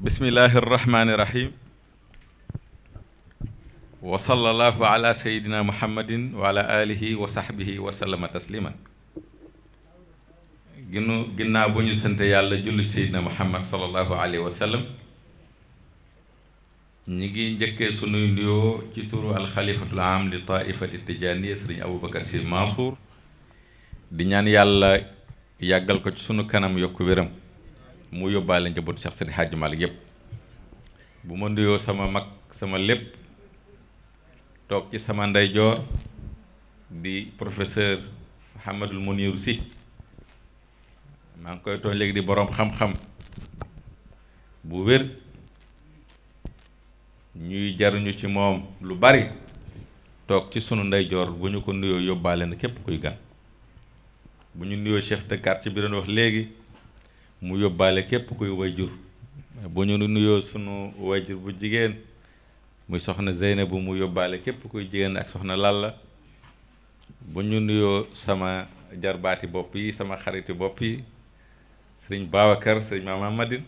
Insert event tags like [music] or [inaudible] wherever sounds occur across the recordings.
بسم الله الرحمن الرحيم وصلى الله على سيدنا محمد وعلى آله وصحبه وسلم تسليما جنا بني سنت يالله جل سيدنا محمد صلى الله عليه وسلم نيجي نجك سنو نيو كتور الخليفة العام لطائفة التجانية سري أبو بكر سيد منصور دنيان يالله يقل كتشنو كنام يكبرم mu yóbbaale njabootu Cheikh Seydi Hadji Malick yëpp bu ma nuyoo sama mag sama lépp toog ci sama ndeyjoor di professeur Mouhamadul Mounir si maa ngi koy tooñ léegi di boroom xam-xam bu wér ñuy jaruñu ci moom lu bari toog ci sunu ndeyjoor bu ñu ko nuyoo yóbbaale na képp kuy gan bu ñu nuyoo chef de ci bi doon wax léegi mu yóbbaale képp kuy jur bu ñu nuyoo sunu jur bu jigéen muy soxna Zeynabu mu yóbbaale képp kuy jigéen ak soxna Lalla bu ñu nuyoo sama jarbaati bopp yi sama xariti bopp yi sëriñ Babacar sëriñ Mama Madine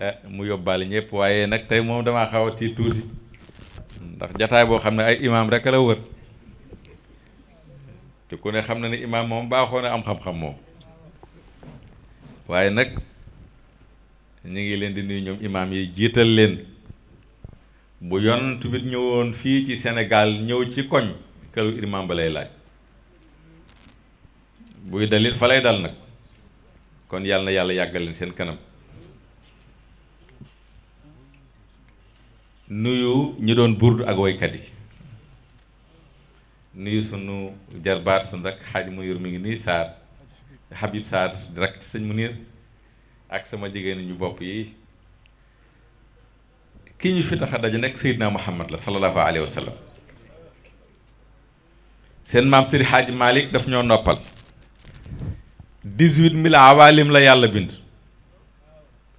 eh, mu yóbbaale ñëpp waaye nag tey moom damaa xaw a tiit tuuti ndax jataay boo xam ne ay imaam rek la wër te ku ne xam na ni imaam moom baaxoo na am xam-xam moom waaye nag ñu ngi leen di nuyu ñoom imaam yi jiital leen bu yonent bi ñëwoon fii ci senegaal ñëw ci koñ këru imaam ba lay laaj buy dalit fa lay dal nag kon yàlla yàlla yàggal seen kanam nuyu ñi doon burdu ak woykat yi nuyu sunu jarbaat sunu rek xaaj mu yor mi ngi nuy saar Habib Sarr di rakk ci sëñ ak sama jigéen ñu bopp yi kii ñu fi tax a daje nekk Seydina Muhammad la sallallahu alayhi wa seen maam Seydi Hadji Malick daf ñoo noppal dix-huit mille awalim la yàlla bind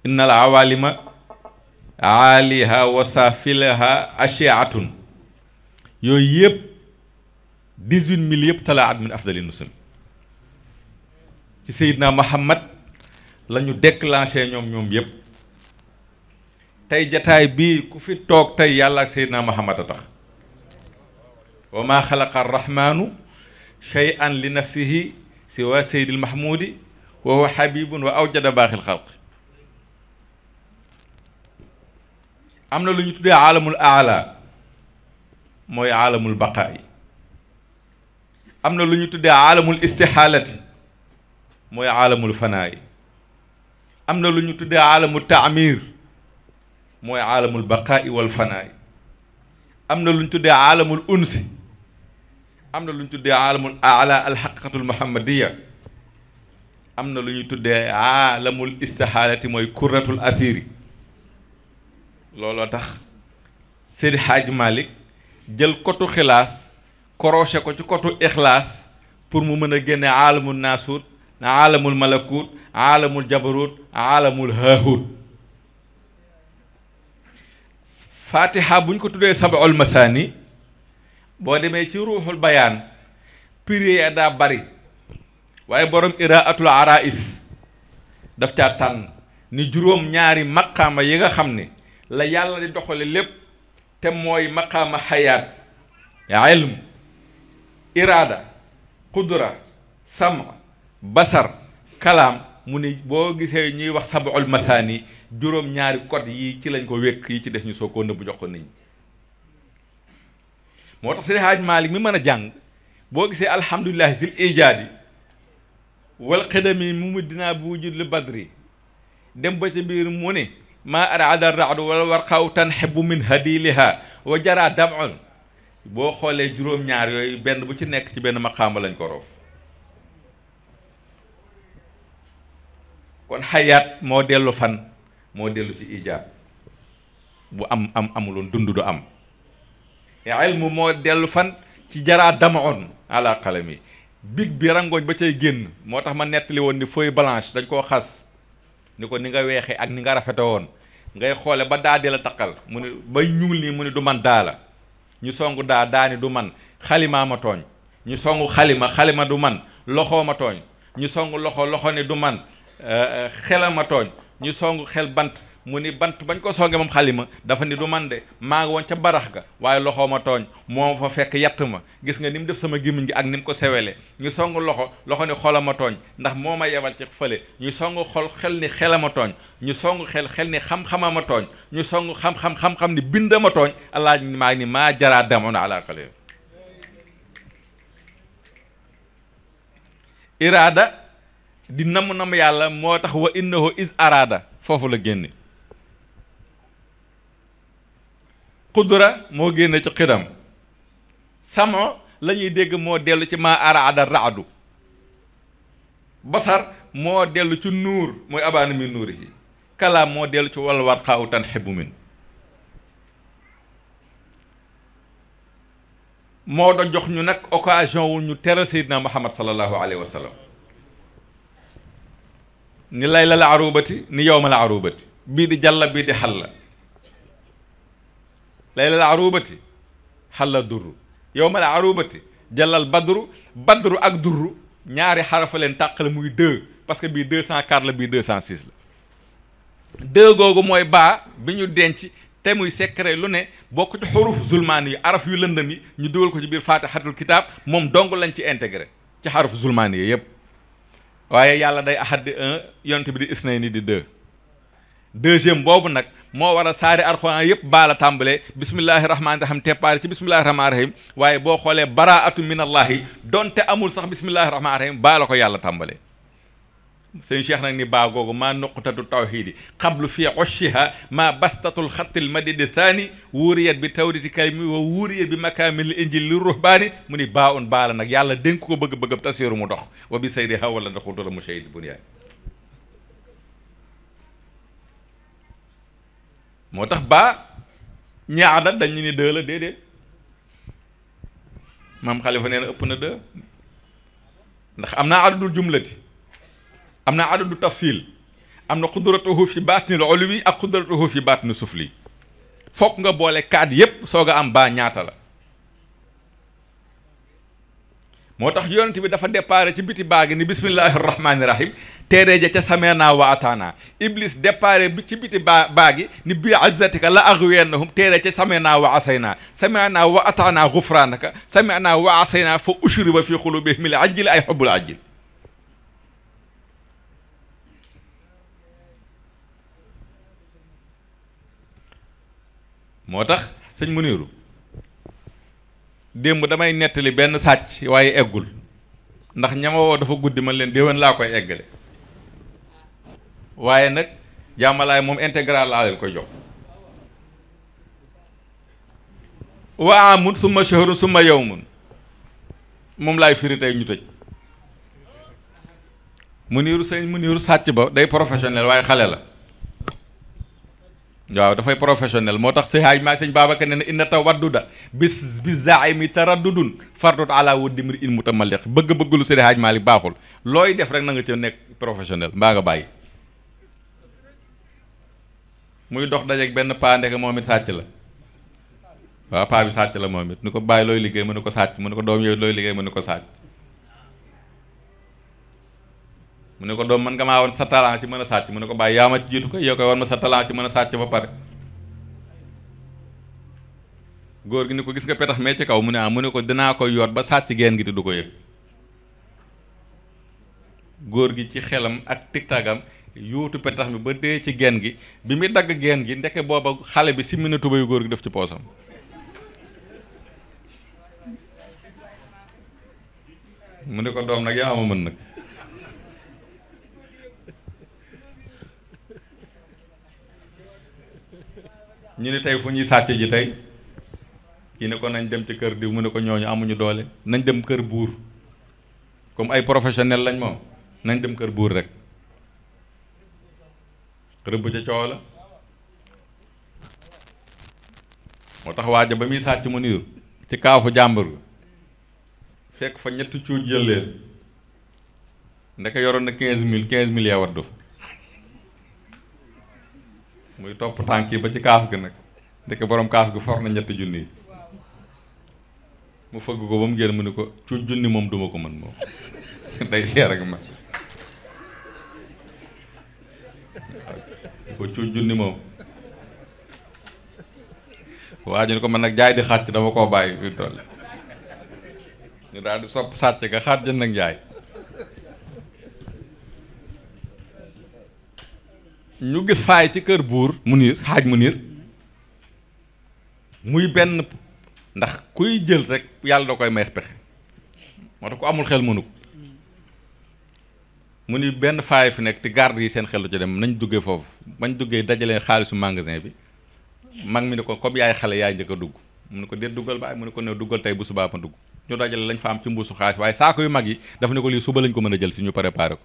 inna al awalima aaliha wa safilaha ashiatun yooyu yëpp dix-huit mille yëpp talaat min afdali nusul ci sayyidna mohammed lañu déclencher ñom ñom yépp tay jotaay bi ku fi tok tay yàlla sayyidna mohammed tax wa maa xalaqa arrahmaanu shay'an li nafsihi siwa Seydil Mahmoudi wa huwa habibun wa awjada baaxil xalq am na lu ñu tuddee aalamul aala mooy aalamul baqaay am na lu ñu moy aalamul fanaay am na lu ñu tuddee aalamu taamir mooy aalamul wal fanaay am na lu ñu tuddee aalamul unsi am na lu ñu ala alxaqiqatul muhammadiya am na lu ñu tuddee aalamul istihaalati mooy kurratul athiri looloo tax Seydi Hadj malik jël kotu xilaas koroche ko ci kotu ikhlas pour mu mën a génne aalamul naasuut aalamul malakut aalamul jabarut aalamul haahut fatiha ko tuddee sabaul boo demee ci ruuxul bayaan daa bari waaye boroom iraatul arais daf caa tànn ni juróom ñaari maqaama yi nga xam ni la yàlla di doxale lépp te mooy maqaama xayaat ilm iraada qudra sama basar kalam mu ni boo gisee ñuy wax sab'ul masaani juróom-ñaari code yi ci lañ ko wékk yi ci def ñu soo ko nëbb jox ko nit ñi moo tax Seydi Haaj Maalik mi mën a jàng boo gisee alhamdulillahi sil ijaadi wal xidami mu mu dinaa bu wujud badri dem ba ca biir mu ne maa ar adal raadu wala war xaw tanxibu min hadiliha wa jaraa damon boo xoolee juróom-ñaar yooyu benn bu ci nekk ci benn maqaama lañ ko roof kon hayat mo delu fan mo delu ci ijab bu am am amuloon dundu do am ya, ilmu mo delu fan ci jara dama on ala qalami big bi rangooñ ba tay genn motax ma nettali won ni feuille blanche dañ ko ni ko ni nga wexé ak ni nga rafete won ngay xolé ba daa di la takal mu ne bay ñuul ni mu du man daa la ñu songu da daani ni du man khalima ma togn ñu songu khalima khalima du man loxo ma togn ñu songu loxo loxo ni du man xelama tooñ ñu song xel bant mu ni bant bañ ko songee moom xalima dafa ni du man de maa ngi woon ca barax ga waaye loxo ma tooñ moo fa fekk yatt ma gis nga ni mu def sama gémmiñ gi ak ni ko sewelee ñu song loxo loxo ni xola ma ndax moo ma yebal ci fële ñu song xol xel ni xela ma tooñ ñu song xel xel ni xam-xama ma tooñ ñu song xam-xam xam ni binda ma tooñ allah maa ni maa jaraa demoon ala xale iraada di namm nam yàlla moo tax wa innahu is araada foofu la génne xudura moo génne ci xidam samo la ñuy dégg moo dellu ci maa araada raadu basar moo dellu ci nuur mooy abaana mi nuur yi kalaam moo dellu ci wal war xebu min moo da jox ñu nag occasion wu ñu teral seydina muhammad sallallahu alayhi wa ni lay la la arubati ni yow ma la arubati bii di jàlla bii di xalla lay la la arubati xalla durru yow ma la arubati jàllal badru badru ak durru ñaari xarafa leen tàqale muy deux parce que bii deux cent quatre la bii deux cent six la deux googu mooy baa bi ñu denc te muy secret lu ne bokk ci xuruf zulmaani yi araf yu lëndëm yi ñu dugal ko ci biir faatixatul kitaab moom dong lañ ci intégré ci xaruf zulmaani yi yëpp waaye yàlla day ahad di un yonent bi di isnay ni di deux deuxième boobu nag moo war a saari alxuraan yëpp baala tàmbalee bismillahi rahmaani rahim teppaari ci bismillahi rahmaani rahim waaye boo xoolee baraatu min allahi donte amul sax bismillahi rahmaani rahim baala ko yàlla tàmbalee سيدي شيخنا ني با غوغو ما نقطه التوحيد قبل في عشها ما بسطه الخط المديد الثاني ووريت بتوريت كلمه ووريت بمكامل الانجيل للرهبان مني با اون بالا نك يالا دنكو بغ بغ تاسيرو مو دوخ وبي سيدي حول دخل دول مشيد بنيا موتاخ با نيادا دني ني دلا ديدي مام خليفه نين اوبنا دو ndax amna adul jumlati amna adadu tafsil amna qudratuhu fi batni al ulwi ak qudratuhu fi batni sufli fokk nga bolé kaat yépp soga am ba ñaata la motax tax yonent bi dafa déparé ci biti baagi ni bismillahir rahmanir rahim téré ja ca samena wa atana iblis déparé bi ci biti baagi ni bi azzatika la aghwiyannahum téré ca samena wa asayna samena wa atana ghufranaka samena wa asayna fa ushriba fi xulubihim al ajl ay hubul ajl moo tax sëñ Muniru démb damay nettali benn sàcc waaye eggul ndax ñama dafa guddi ma leen déwén laa koy eggale waaye nag jàmmalaay moom intégral laa leen koy jox wa amun summa shahrun summa yawmun moom laay firi tey ñu tëj Muniru sëñ Muniru sàcc ba day professionnel waaye xale la waaw dafay professionnel moo tax si haaj maa sëñ Babacar ne ne inna tawadduda bis bi zaimi taraddudun fardut ala wuddi mir in mutamalliq bëgg-bëgg lu Seydi Haaj Maalik baaxul looy def rek na nga ci nekk professionnel mbaa nga bàyyi muy dox dajeeg benn paa ndeke moom it sàcc la waaw paa bi sàcc la moom it ni ko bàyyi looy liggéey mu ne ko sàcc mu ne ko doom yooyu looy liggéey mu ne ko sàcc mu ne ko doom man nga maa woon sa talent ci mën a sàcc mu ne ko bàyyi yaa ma ci jiitu ko yow koy woon ma sa talent ci mën a sàcc ba pare góor gi ni ko gis nga petax mee ci kaw mu ne ah mu ne ko dinaa ko yoot ba sàcc geen gi te du gi ci xelam ak tiktagam yuutu petax mi ba dee ci geen gi bi muy dagg geen gi ndekk booba xale bi simmi na tubayu góor gi def ci poosam mu ne ko doom nag yaa ma mën nag ñu ne tey fu ñuy sàcc ji tey kii ne ko nañ dem ci kër diw mu ne ko ñooñu amuñu doole nañ dem kër buur comme ay professionnel lañ moom nañ dem kër buur rek rëbb ca coow la moo tax waaja ba muy sàcc mu niir ci kaafu jàmbur fekk fa ñett cuuj jël leen ndeke yoroon na quinze mille quinze mille yaa waddu fa muy topp tànk yi ba ci kaaf gi nag ndeke boroom kaaf gi for na ñetti junni yi mu fëgg ko ba mu génn mu ne ko cu junni moom duma ko mën moom [laughs] day seer ak cu junni moom waa ñu ne ko mën nag jaay di xàcc dama koo bàyyi fi toll ñu daal di sopp sàcc nga xàcc jënd nag jaay ñu gis faay ci kër buur mu niir xaaj mu niir muy benn ndax kuy jël rek yàlla da koy may pexe moo tax ko amul xel mënu ko mu ni benn faay fi nekk te garde yi seen xel lu ci dem nañ duggee foofu bañ duggee dajalee xaalisu magasin bi mag mi ne ko comme yaay xale yaay njëkk a dugg mu ne ko déet duggal baay mu ne ko ne duggal tey bu subaa ma dugg ñu dajale lañ fa am ci mbuusu xaalis waaye saako yu mag yi dafa ne ko lii suba lañ ko mën a jël si ñu préparé ko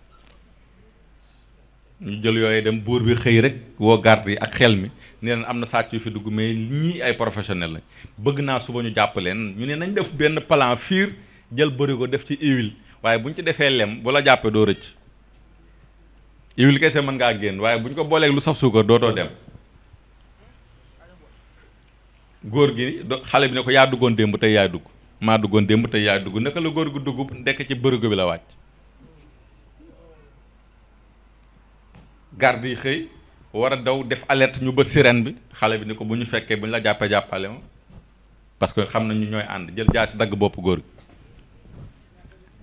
ñu jël yooyu dem buur bi xëy rek woo garde yi ak xel mi ne leen am na fi dugg mais ñii ay professionnel lañ bëgg naa suba ñu jàpp leen ñu ne nañ def benn plan fiir jël bëri ko def ci iwil waaye buñ ci defee lem bu la jàppee doo rëcc iwil kese mën ngaa génn waaye buñ ko booleeg lu saf suukar dootoo dem góor gi do xale bi ne ko yaa duggoon démb tey yaay dugg maa duggoon démb tey yaay dugg naka la góor gi dugg ci bërigo bi la wàcc garde yi xëy war a daw def alert ñu ba sirène bi xale bi ni ko bu ñu fekkee bu ñu la jàppee jàppale ma parce que xam ñu ñooy ànd jël ci dagg bopp góor gi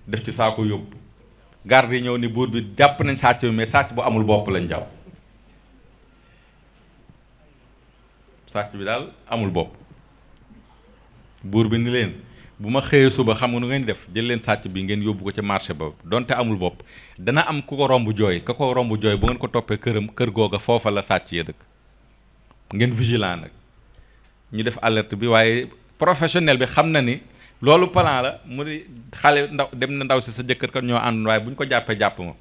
def ci saako yóbbu garde yi ñëw ni buur bi jàpp nañ sàcc bi mais sàcc bu amul bopp lañ jàpp sàcc bi daal amul bopp buur bi ni leen. bu ma xëyee suba xam nga nu ngeen def jël leen sàcc bi ngeen yóbbu ko ca marché ba donte amul bopp dana am ku ko romb jooy ka ko romb jooy bu ngeen ko toppee këram kër googa foofa la sàcc ya dëkk ngeen vigilant nag ñu def alerte bi waaye professionnel bi xam na ni loolu plan la mu di xale ndaw dem na ndaw si sa jëkkër kat ñoo àndoon waaye bu ñu ko jàppee jàpp ma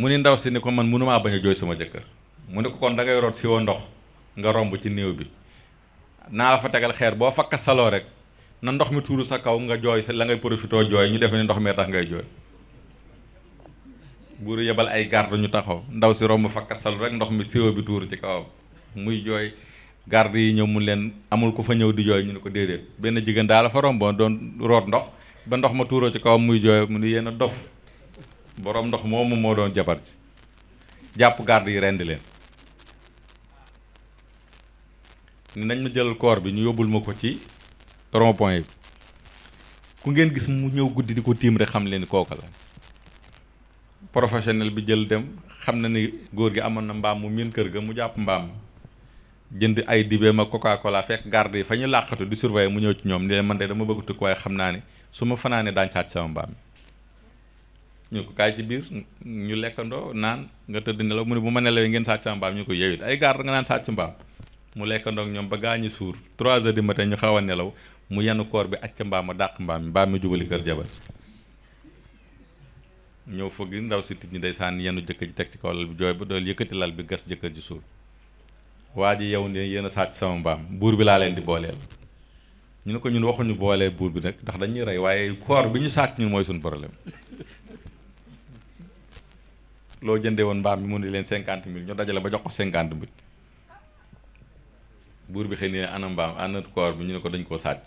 mu ni ndaw si ni ko man mënumaa bañ a jooy sama jëkkër mu ni ko kon dangay root si woo ndox nga romb ci néew bi naa la fa tegal xeer boo fakka saloo rek na ndox mi tuuru sa kaw nga jooy sa la ngay profitoo jooy ñu defee ne ndox mee tax ngay jooy buuru yebal ay garde ñu taxaw ndaw si romb fakka salu rek ndox mi siwo bi tuuru ci kawam muy jooy garde yi ñëw mun leen amul ku fa ñëw di jooy ñu ni ko déedéet benn jigéen daal la fa romboon doon root ndox ba ndox ma tuuroo ci kawam muy jooy mu ni yéen a dof borom ndox moomu moo doon jabar si jàpp garde yi rendi leen ni nañ ma jëlal koor bi ñu yóbbul ma ko ci rond point yi ku ngeen gis mu ñëw guddi di ko tiim rek xam leen kooka la bi jël dem xam na ni góor gi amoon na mbaam mu miin kër ga mu jàpp mbaam jënd ay dibe ma coca cola fekk garde yi fa ñu làqatu di surveiller mu ñëw ci ñoom ni leen man de dama bëgg tukk waaye xam naa ne su ma fanaanee daañ sàcc sama mbaam mi ñu ko kaay ci biir ñu lekkandoo naan nga tëdd nelaw mu ne bu ma nelawee ngeen sàcc sa mbaam ñu ko yeewit ay gaar nga naan sàcc mbaam mu lekkandoo ak ñoom ba gaañu suur trois heures du matin ñu xaw a nelaw mu yanu koor bi acca mbaam ma dàq mbaam mi mbaam mi jubali kër jabar ñëw fëgg ndaw si tij ñi day sànni yenn jëkkër ji teg ci kaw lal bi jooy ba dool yëkkati lal bi gas jëkkër ji suur waa ji yow ne yenn a sàcc sama mbaam buur bi laa leen di booleel ñu ne ko ñun waxuñu boolee buur bi nag ndax dañuy rey waaye bi ñu sàcc ñun mooy suñu problème loo jëndee won mbam mi mu ne len cinquante mille ñu dajale ba jox ko cinquante mil bur bi xeyni ana mbam ana koor bi ñu ne ko dañ ko sacc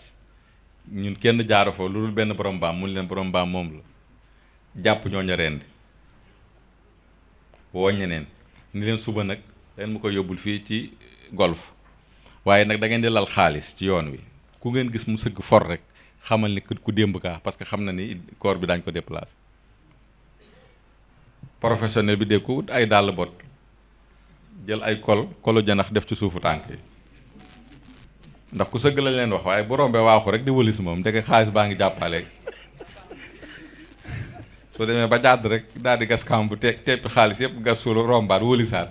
ñun kenn jaaru fo lul dul benn borom mbam mu ne len borom mbam mom la japp ñoo ña wo woo ñeneen ni len suba nak len mu ko yobul fi ci golf waye nak da ngeen di lal xaaliss ci yoon wi ku ngeen gis mu seug for rek xamal ni ku demb ka parce que xamna ni koor bi dañ ko déplacer professionnel bi dégg ko wut ay dàll bot jël ay kol kolu janax def ci suufu tànk yi ndax ku sëgg la leen wax waaye bu rombee waaxu rek di wëlis moom ndeke xaalis baa ngi jàppale soo demee ba jàdd rek daal di gas kamb te teppi xaalis yëpp gas rombaat wëlisaat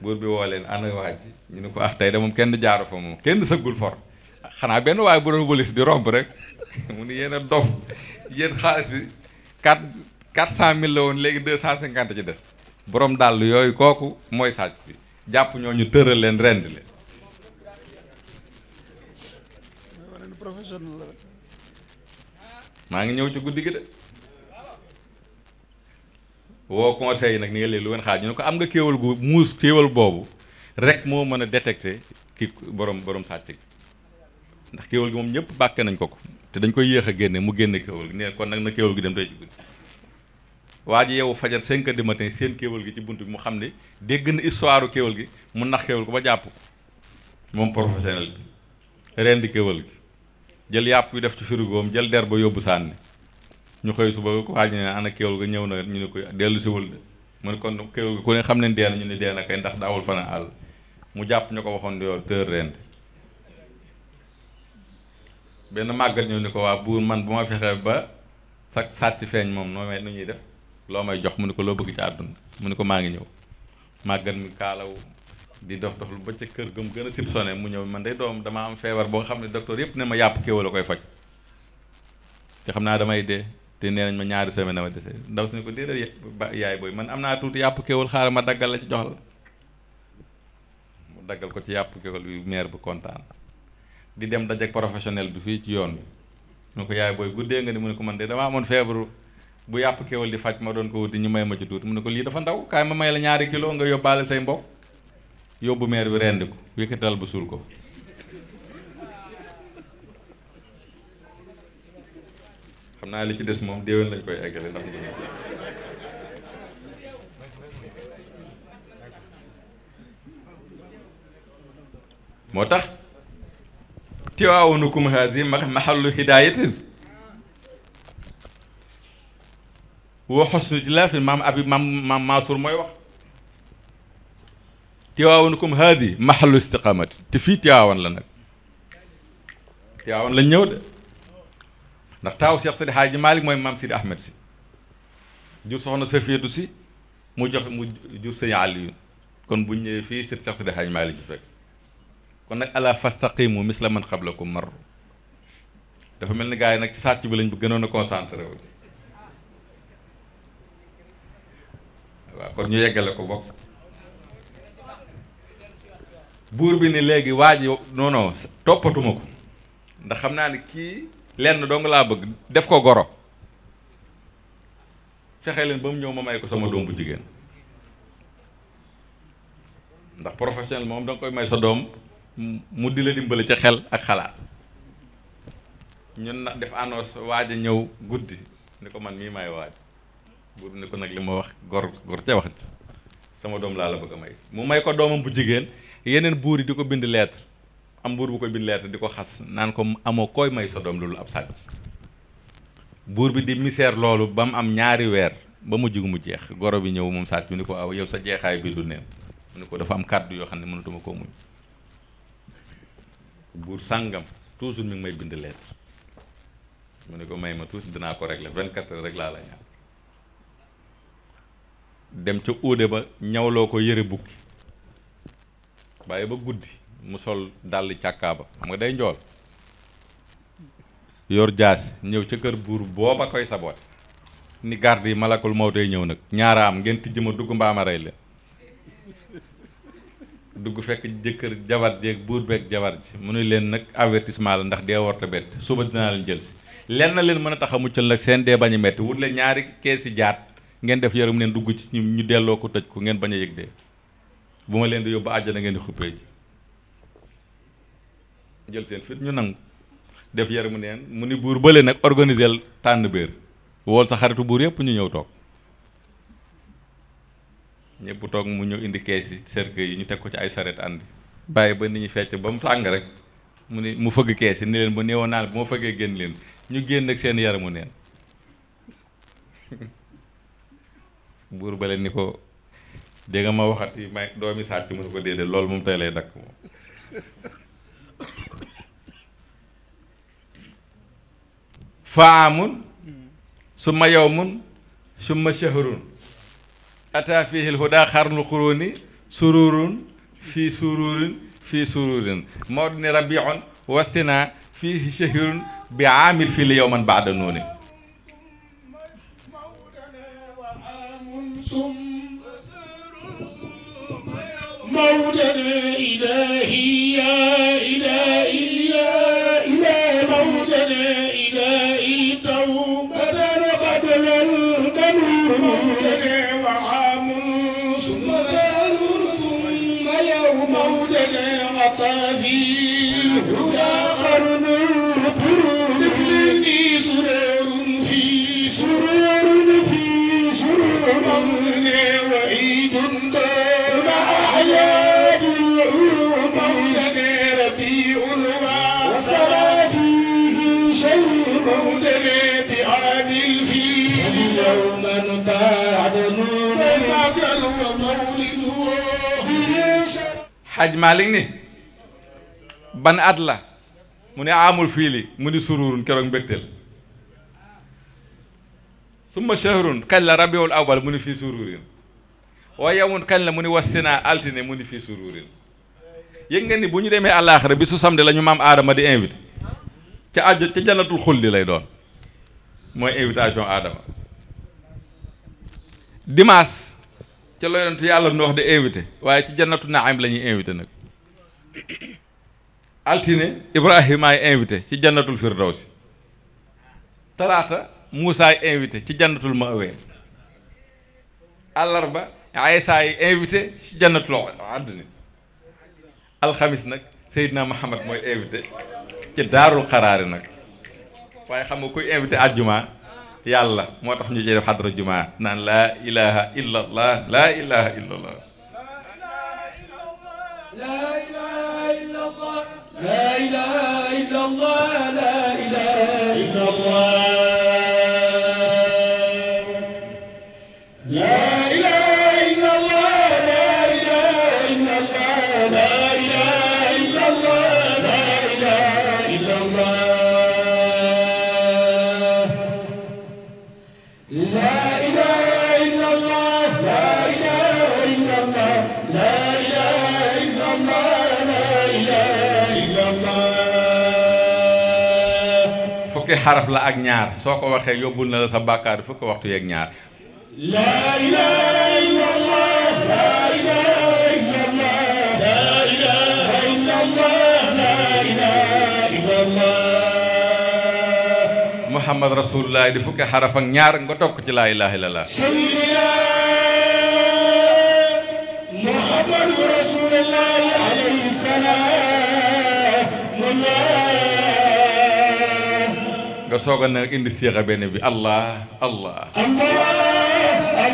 buur bi woo leen ana waa ji ñu ne ko ah tey de moom kenn jaaru fa moom kenn sëggul for xanaa benn waaye bu doon wëlis di romb rek [laughs] mu ni yéen a dof xaalis bi kat quatre cent la woon léegi borom dàll yo kooku mooy sàcc bi jàpp ñoo ñu tëral rend leen maa ngi ñëw ci guddi de woo conseil yi ni gu mus kewul rek mo mën borom borom sàcc ndax kéwal gi moom ñëpp bàkke nañ ko ko te dañ koy mu kewul. ne kon na dem waa ji yeewu fajar 5 heures seen kéwal gi ci bunt bi mu xam ne dégg na histoire kéwal gi mu nax kéwal ko ba jàpp moom professionnel bi ren di kéwal gi jël yàpp yu def ci frigoom jël der ba yóbbu sànni ñu xëy suba ko waa ji ne ana kéwal ga ñëw na ñu ne ko dellu de mu ne kon kéwal ga ku ne xam ne dee na ñu ne dee na kay ndax daawul fan àll mu jàpp ñu ko waxoon yow tër ren benn màggal ñëw ni ko waa buur man bu ma fexe ba sa sàcc feeñ moom noo ñuy def loo may jox mu ne ko loo bëgg ci àdduna mu ne ko maa ngi ñëw màggat mi kaalaw di dox dox lu ba ca kër mu gën a sib sone mu ñëw man day doom dama am feebar boo xam ne docteur yëpp ne ma yàpp kéwél a koy faj te xam naa damay de te nee nañ ma ñaari semaine dama dese ndaw su ne ko déedéet yaay booy man am naa tuuti yàpp kéwél xaaral ma daggal la ci jox la mu daggal ko ci yàpp kéwél bi maire bu kontaan di dem dajeek professionnel bi fii ci yoon bi mu ne ko mu ne bu yàpp kewal di faj ma doon ko wuti ñu may ma ci tuuti mu ne ko lii dafa ndaw kaay ma may la ñaari kilo nga yóbbaale say mbokk yóbbu meer bi rendi ko wékkatal ko xam naa li ci des moom déwén lañ koy eggale ndax ñu moo tax tiwaawunukum haasi وحسن جلاف مام أبي مام مام ماسور موي وخ تياونكم هذه محل استقامة تفي تياون لنا تياون لن يود نختاو شيخ سيدي حاج مالك موي مام سيدي أحمد سي جو سوخنا سفير دوسي مو جو جو سي علي كون بو في سيدي شيخ سيدي مالك فيك كون نك الا مثل من قبلكم مروا دا فا ملني غاي نك ساتي بي لا waaw kon ñu yeggale ko bokk buur bi ni léegi waa ji non non toppatuma ko ndax xam naa ni kii lenn dong laa bëgg def ko goro fexe leen ba mu ñëw ma may ko sama doom bu jigéen ndax professionnel moom danga koy may sa doom mu di la dimbale ca xel ak xalaat ñun nag def annonce waaj a ñëw guddi ni ko man mii may waaj buur ne ko nag li ma wax gor gor ca waxat sama doom laa la bëgg a may mu may ko doomam bu jigéen yeneen buur yi di ko bind lettre am buur bu ko bind lettre di ko xas naan ko amoo koy may sa doom loolu ab sàcc buur bi di misère loolu ba mu am ñaari weer ba mu jigu mu jeex goro bi ñëw moom sàcc bi ni ko aw yow sa jeexaay du neen mu ko dafa am kàddu yoo xam ne mënatuma koo muñ sàngam toujours mi ngi may bind lettre mu ne ko may ma tuuti dinaa ko régler vingt-quatre rek laa la ñaan dem ca uude ba ñawloo ko yére bukki bàyyi ba guddi mu sol dàll càkkaaba xam nga day njool yor jaas ñëw ca kër buur booba koy saboot ni garde yi malakul mawtay ñëw nag ñaara am ngeen tijj ma dugg mbaama rey leen dugg fekk jëkkër jabar jeeg buur beeg jabar ji mu ne leen nag avertissement la ndax dee warta bett suba dinaa la jël si lenn leen mën a tax a muccal nag seen dee bañ a metti wut ñaari keesi jaat ngeen def yaram neen dugg ci ñu delloo ko tej ko ngeen baña a yëg dee leen di yóbbu àjjana ngeen di xuppe ji jël seen fit ñu nang def yaram neen mu ni bur bële nak organiser tan béer wol sa xaritu bur yep ñu ñew tok ñepp tok mu ñëw indi caisse yi yi ñu tek ko ci ay sarret baye ba nit ñi fecc ba mu tang rek mu ni mu fëgg caisse ni leen bu neewonal bu ma fëggee génn leen ñu génn ak seen yaramu neen buur bale ni ko dégg ma waxati may doomi sàcc mu ne ko déedéet loolu mu tey lay dakk moom faamun summa yawmun summa shahrun ata fihi lhuda xarnu xuruni sururun fii sururin fii sururin mawdu ni rabiun wastina fihi shahrun bi aamil fii li yowman baada nooni سم موجد إلهي يا إلهي xaaj Maalik ni ban at la mu ne amul fiili mu ni sururun keroog mbégteel summa shahrun kañ la rabiul awal mu ni fii sururin wa yawmun kañ la mu ni wasina altine mu ni fii sururin yëg nga ni bu ñu demee àllaaxira bi su samedi la ñu maam aadama di invité ca àjj ca lay doon mooy invitation aadama dimanche ca la yàlla nu wax de invité waaye ci jannatu naam la ñuy invité nag altine ibrahima ay invité ci jannatul firdawsi talaata Moussa ay invité ci jannatul ma'wa àllarba Aysa ay invité ci jannatul adni alxamis nag Seydina Muhammad mooy invité ci daarul xaraari nag waaye xam nga kuy invité àjjuma yàlla moo tax ñu ci def xadra jumaa naan laa ilaha illa allah laa ilaha illa allah la ilaha illa allah xaraf la ak ñaar soo ko waxee yóbbul na la sa bàkkaar fukk waxtu yeeg ñaar laa ilaaha illallaah laa ilaaha illallaah laa ilaaha illallaah laa ilaaha illallaah muhammad rasulullah di fukki xaraf ak ñaar nga toog ci laa ilaaha illallaah muhammad rasulullah alayhi salaam nga soog a nag indi séexa benn bi allah allah allah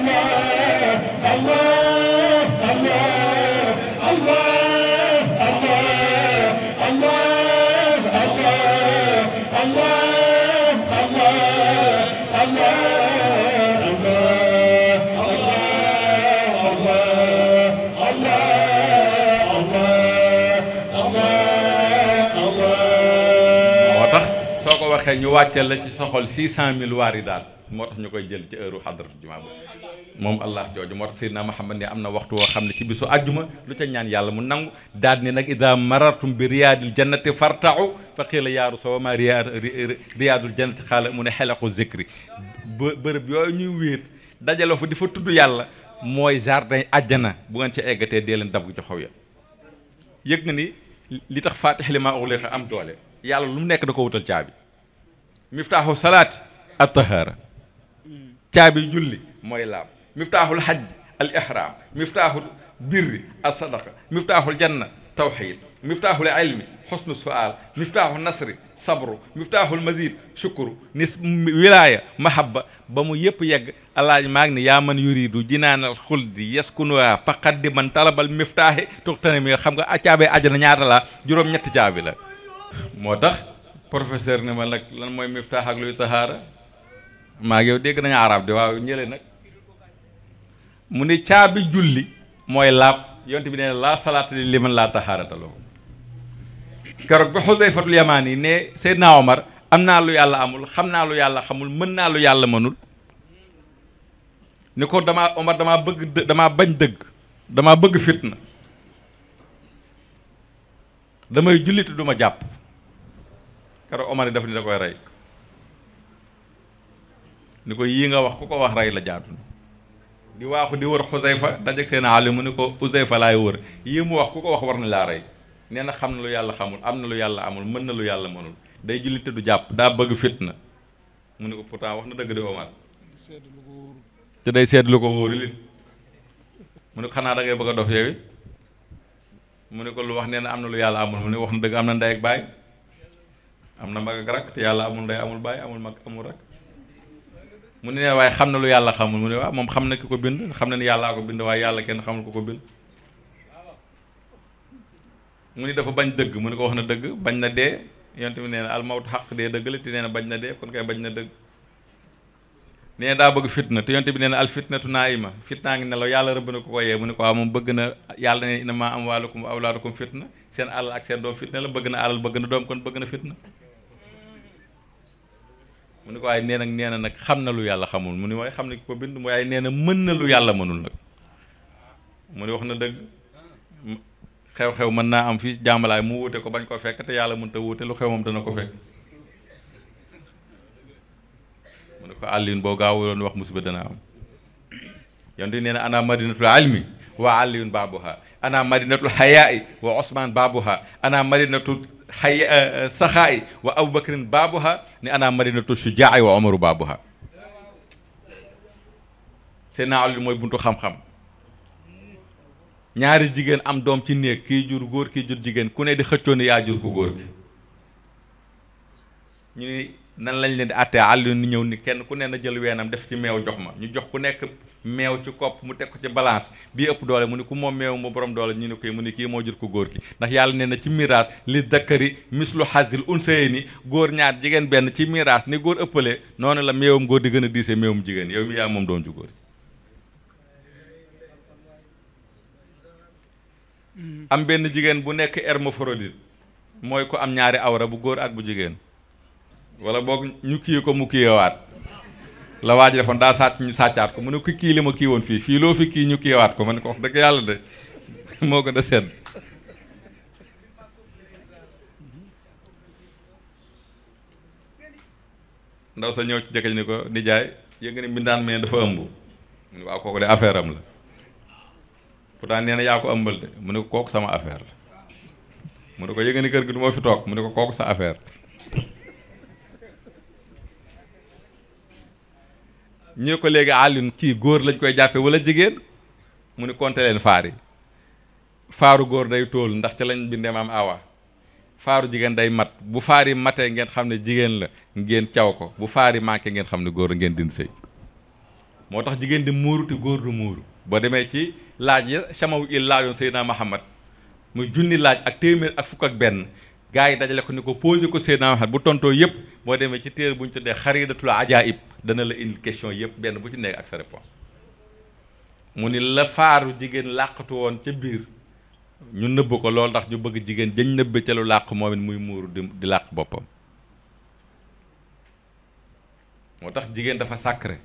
allah fexe ñu wàcceel la ci soxol six cent mille waaridaat moo tax ñu koy jël ci heure xadratu jumaa ba moom allah jooju moo tax Seydina Muhammad ne am na waxtu woo xam ne ci bisu àjjuma lu ca ñaan yàlla mu nangu daal ni nag ida marartum bi riyaadil jannati fartau fa qiila yaa rasuula ma riyaadul jannati xaala mu ne xelaqu zikri bë bërëb yooyu ñuy wéet dajale fa di fa tudd yàlla mooy jardin àjjana bu ngeen ci eggatee dee leen dab ci xaw ya yëg nga ni li tax faatix li maa uxliqa am doole nekk da ko wutal caabi miftaaxu salaat at tahaara caabi julli mooy laab miftaaxul xajj al ihraam miftaaxul birri as sadaqa miftaaxul janna tawxiid miftaaxul ilmi xusnu suaal miftaaxul nasri sabru miftaaxul mazid shukru nis wilaaya mahabba ba mu yëpp yegg alaaj maa ngi ne yaa man yuridu jinaanal xuldi yaskunuha faqat di man talabal miftaaxi tuxtana mi xam nga caabe ajana ñaata la juróom ñetti caabi la moo tax professeur ne ma nag lan mooy miftaax ak luy taxaara maa ngi yow dégg nañu arab di waaw ñële nag mu ni caabi julli mooy laab yonte bi nee laa salaata li man laa taxaarata lahu keroog bi Xusayfatul Yamaan yi ne Seydina Omar am naa lu yàlla amul xam naa lu yàlla xamul mën naa lu yàlla mënul ni ko damaa Omar damaa bëgg damaa bañ dëgg dama bëgg fitna damay jullitu duma jàpp kero Omar yi daf ni koy rey ko yii nga wax ku ko wax rey la jaatun di waaxu di wër Xuzayfa dajeeg seen mu ni ko Xuzayfa laay wër yii wax ku ko wax war na nee na xam na lu yàlla xamul am na lu yàlla amul mën na lu yàlla mënul day julli te jàpp daa bëgg fitna mu ni ko pourtant wax na dëgg day seet lu ko wóoru lit mu ne ko xanaa da ngay bëgg a dof yow mu ne ko lu wax nee na am na lu yàlla amul mu ne wax na dëgg am na ndey ak baay am na mag ak rakk te yàlla amul ndey amul baay amul mag amul rakk mu ne waaye xam na lu yàlla xamul mu ne waaw moom xam na ki ko bind xam na ni yàllaa ko bind waaye yàlla kenn xamul ko ko bind mu ni dafa bañ dëgg mu ne ko wax na dëgg bañ na dee yonent bi nee na almawtu xaq dee dëgg la na bañ na dee kon kay bañ na dëgg nee na daa bëgg fitna te yonent bi nee na al fitnatu naayima fitnaa ngi nelaw yàlla rëbb ko ko yee mu ne ko waaw moom bëgg na yàlla ne innamaa amwaalukum wa awlaadukum fitna seen alal ak seen doom fitna la bëgg na alal bëgg na doom kon bëgg na fitna mu ne ko waaye nee nag nee na nag xam na lu yàlla xamul mu ne waaye xam ne ki ko bind mu waaye nee na mën na lu yàlla mënul nag mu ne wax na dëgg xew-xew mën naa am fii jàmbalaay mu wuute ko bañ koo fekk te yàlla mën te wuute lu xew moom dana ko fekk mu ne ko àllin boo gaawuloon wax musiba dana am yonte nee na ana madinatul almi wa àllin baabuha ana madinatul hayaai wa osman baabuha ana madinatul hay eh, eh, saxaay wa abubakrin baabuha ni ana marinatu shujaai wa omaru baabuha Seydina Ali mooy buntu xam-xam ñaari jigéen am doom ci néeg kii jur góor kii jur jigéen ku ne di xëccoo yaa jur ku góor gi ñu ni nan lañ leen di àttee àll ni ñëw ni kenn ku ne na jël weenam def ci meew jox ma ñu jox ku nekk meew ci kopp mu teg ko ci balance bii ëpp doole mu ni ku moom meew mu borom doole ñu ne koy mu ni kii moo jur ko góor ki ndax yàlla nee na ci miraas li dakkari mislu xasil ni góor ñaar jigéen benn ci miraas ni góor ëppalee noonu la meewum góor di gën a diisee meewum jigéen yow mi yaa moom doom ju góor mm. am benn jigéen bu nekk hermaphrodite mooy ko am ñaari awra bu góor ak bu jigéen wala boog ñu kii ko mu kiyewaat la waa ji defoon daa sàcc ñu sàccaat ko mu ne ko kii li ma kii woon fii fii loo fi kii ñu kiiwaat ko ma ne ko wax dëgg yàlla de [laughs] moo gën a sedd ndaw sa ñëw ci jëkkëj ni ko nijaay yënga ne mbindaan mee dafa ëmb mu ne waaw kooku de affaire am la pourtant nee na yaa ko ëmbal de mu ne ko kooku sama affaire la mu ne ko yënga gi du ma fi toog mu ne ko kooku sa affaire ñu ko léegi àllin kii góor lañ koy jàppe wala jigéen mu ne compté leen faar yi faaru góor day tóol ndax ca lañ bindee maam awa faaru jigéen day mat bu faar yi matee ngeen xam ne jigéen la ngeen caw ko bu faar yi ngeen xam ne góor ngeen din sëy moo tax jigéen di muuruti góor du muuru boo demee ci laaj ya samaw il laajoon Seydina Muhammad muy junni laaj ak téeméer ak fukk ak benn gars yi dajale ko ni ko posé ko Seydina Muhammad bu tontoo yëpp moo demee ci téer bu ñu tuddee xaridatul ajaib dana la indi question yëpp benn bu ci nekk ak sa réponse mu ni la faaru jigéen làqatu woon ca biir ñu nëbb ko lool ndax ñu bëgg jigéen jën nëbbe ca lu làq moom muy muuru di di làq boppam moo tax jigéen dafa sàkkre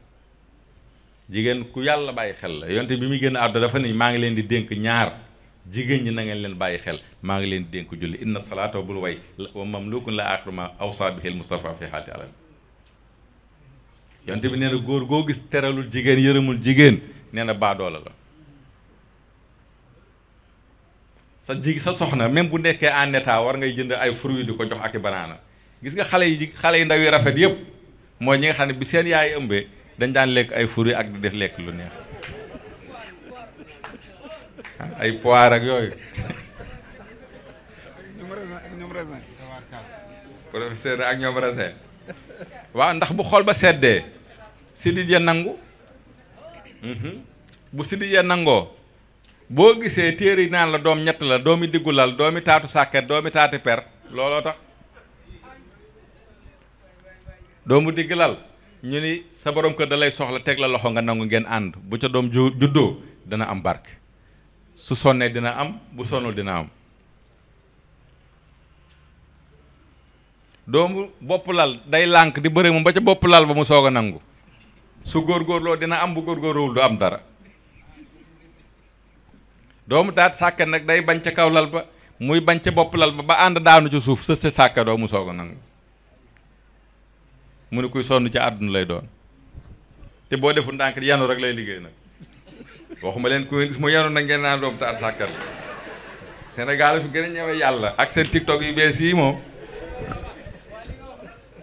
jigéen ku yàlla bàyyi xel la yonte bi muy génn àdduna dafa ni maa ngi leen di dénk ñaar jigéen ñi nangeen leen bàyyi xel maa ngi leen dénk julli inna salaata bul way wa mamluukun la aaxiru maa awsaa bihil Mustafa fi xaati alal yonte bi nee góor goo gis teralul jigéen yërëmul jigéen nee na baadoola la sa jig sa soxna même bu nekkee en état war ngay jënd ay fruits di ko jox ak i banaana gis nga xale yi xale yi ndaw yi rafet yëpp mooy ñi nga xam ne bi seen yaay ëmbee dañ daan lekk ay fruits ak di def lekk lu neex ay poire ak yooyu. professeur ak ñom raisin. wa ndax bu xol ba seddee sidit ya nangu mhm. bu sidit ya nangoo boo gisee téere yi la doom ñett la domi digulal domi tatu saket domi tatu per lolo tax domu digulal ñu ni sa borom ko dalay soxla tek la loxo nga nangu ngeen and bu ca dom juddo dana am barke su sonnee dina am bu sonnul dina am doomu bopp lal day lànk di bëre ba ca bopp lal ba mu soog a nangu su góorgóorloo dina am bu góorgóorluwul du am dara doomu taat sàkka nag day bañ ca kaw lal ba muy bañ ca bopp lal ba ba ànd daanu ca suuf sa sàkka doo mu soog a nangu mu ne kuy sonn ci àdduna lay doon te boo defu ndànk yanu rek lay liggéey nag waxuma leen ku ngeen gis mu yenu na ngeen naan doom te at sàkkat Sénégal gën a ñëwee yàlla ak seen tiktok yu bees yi moom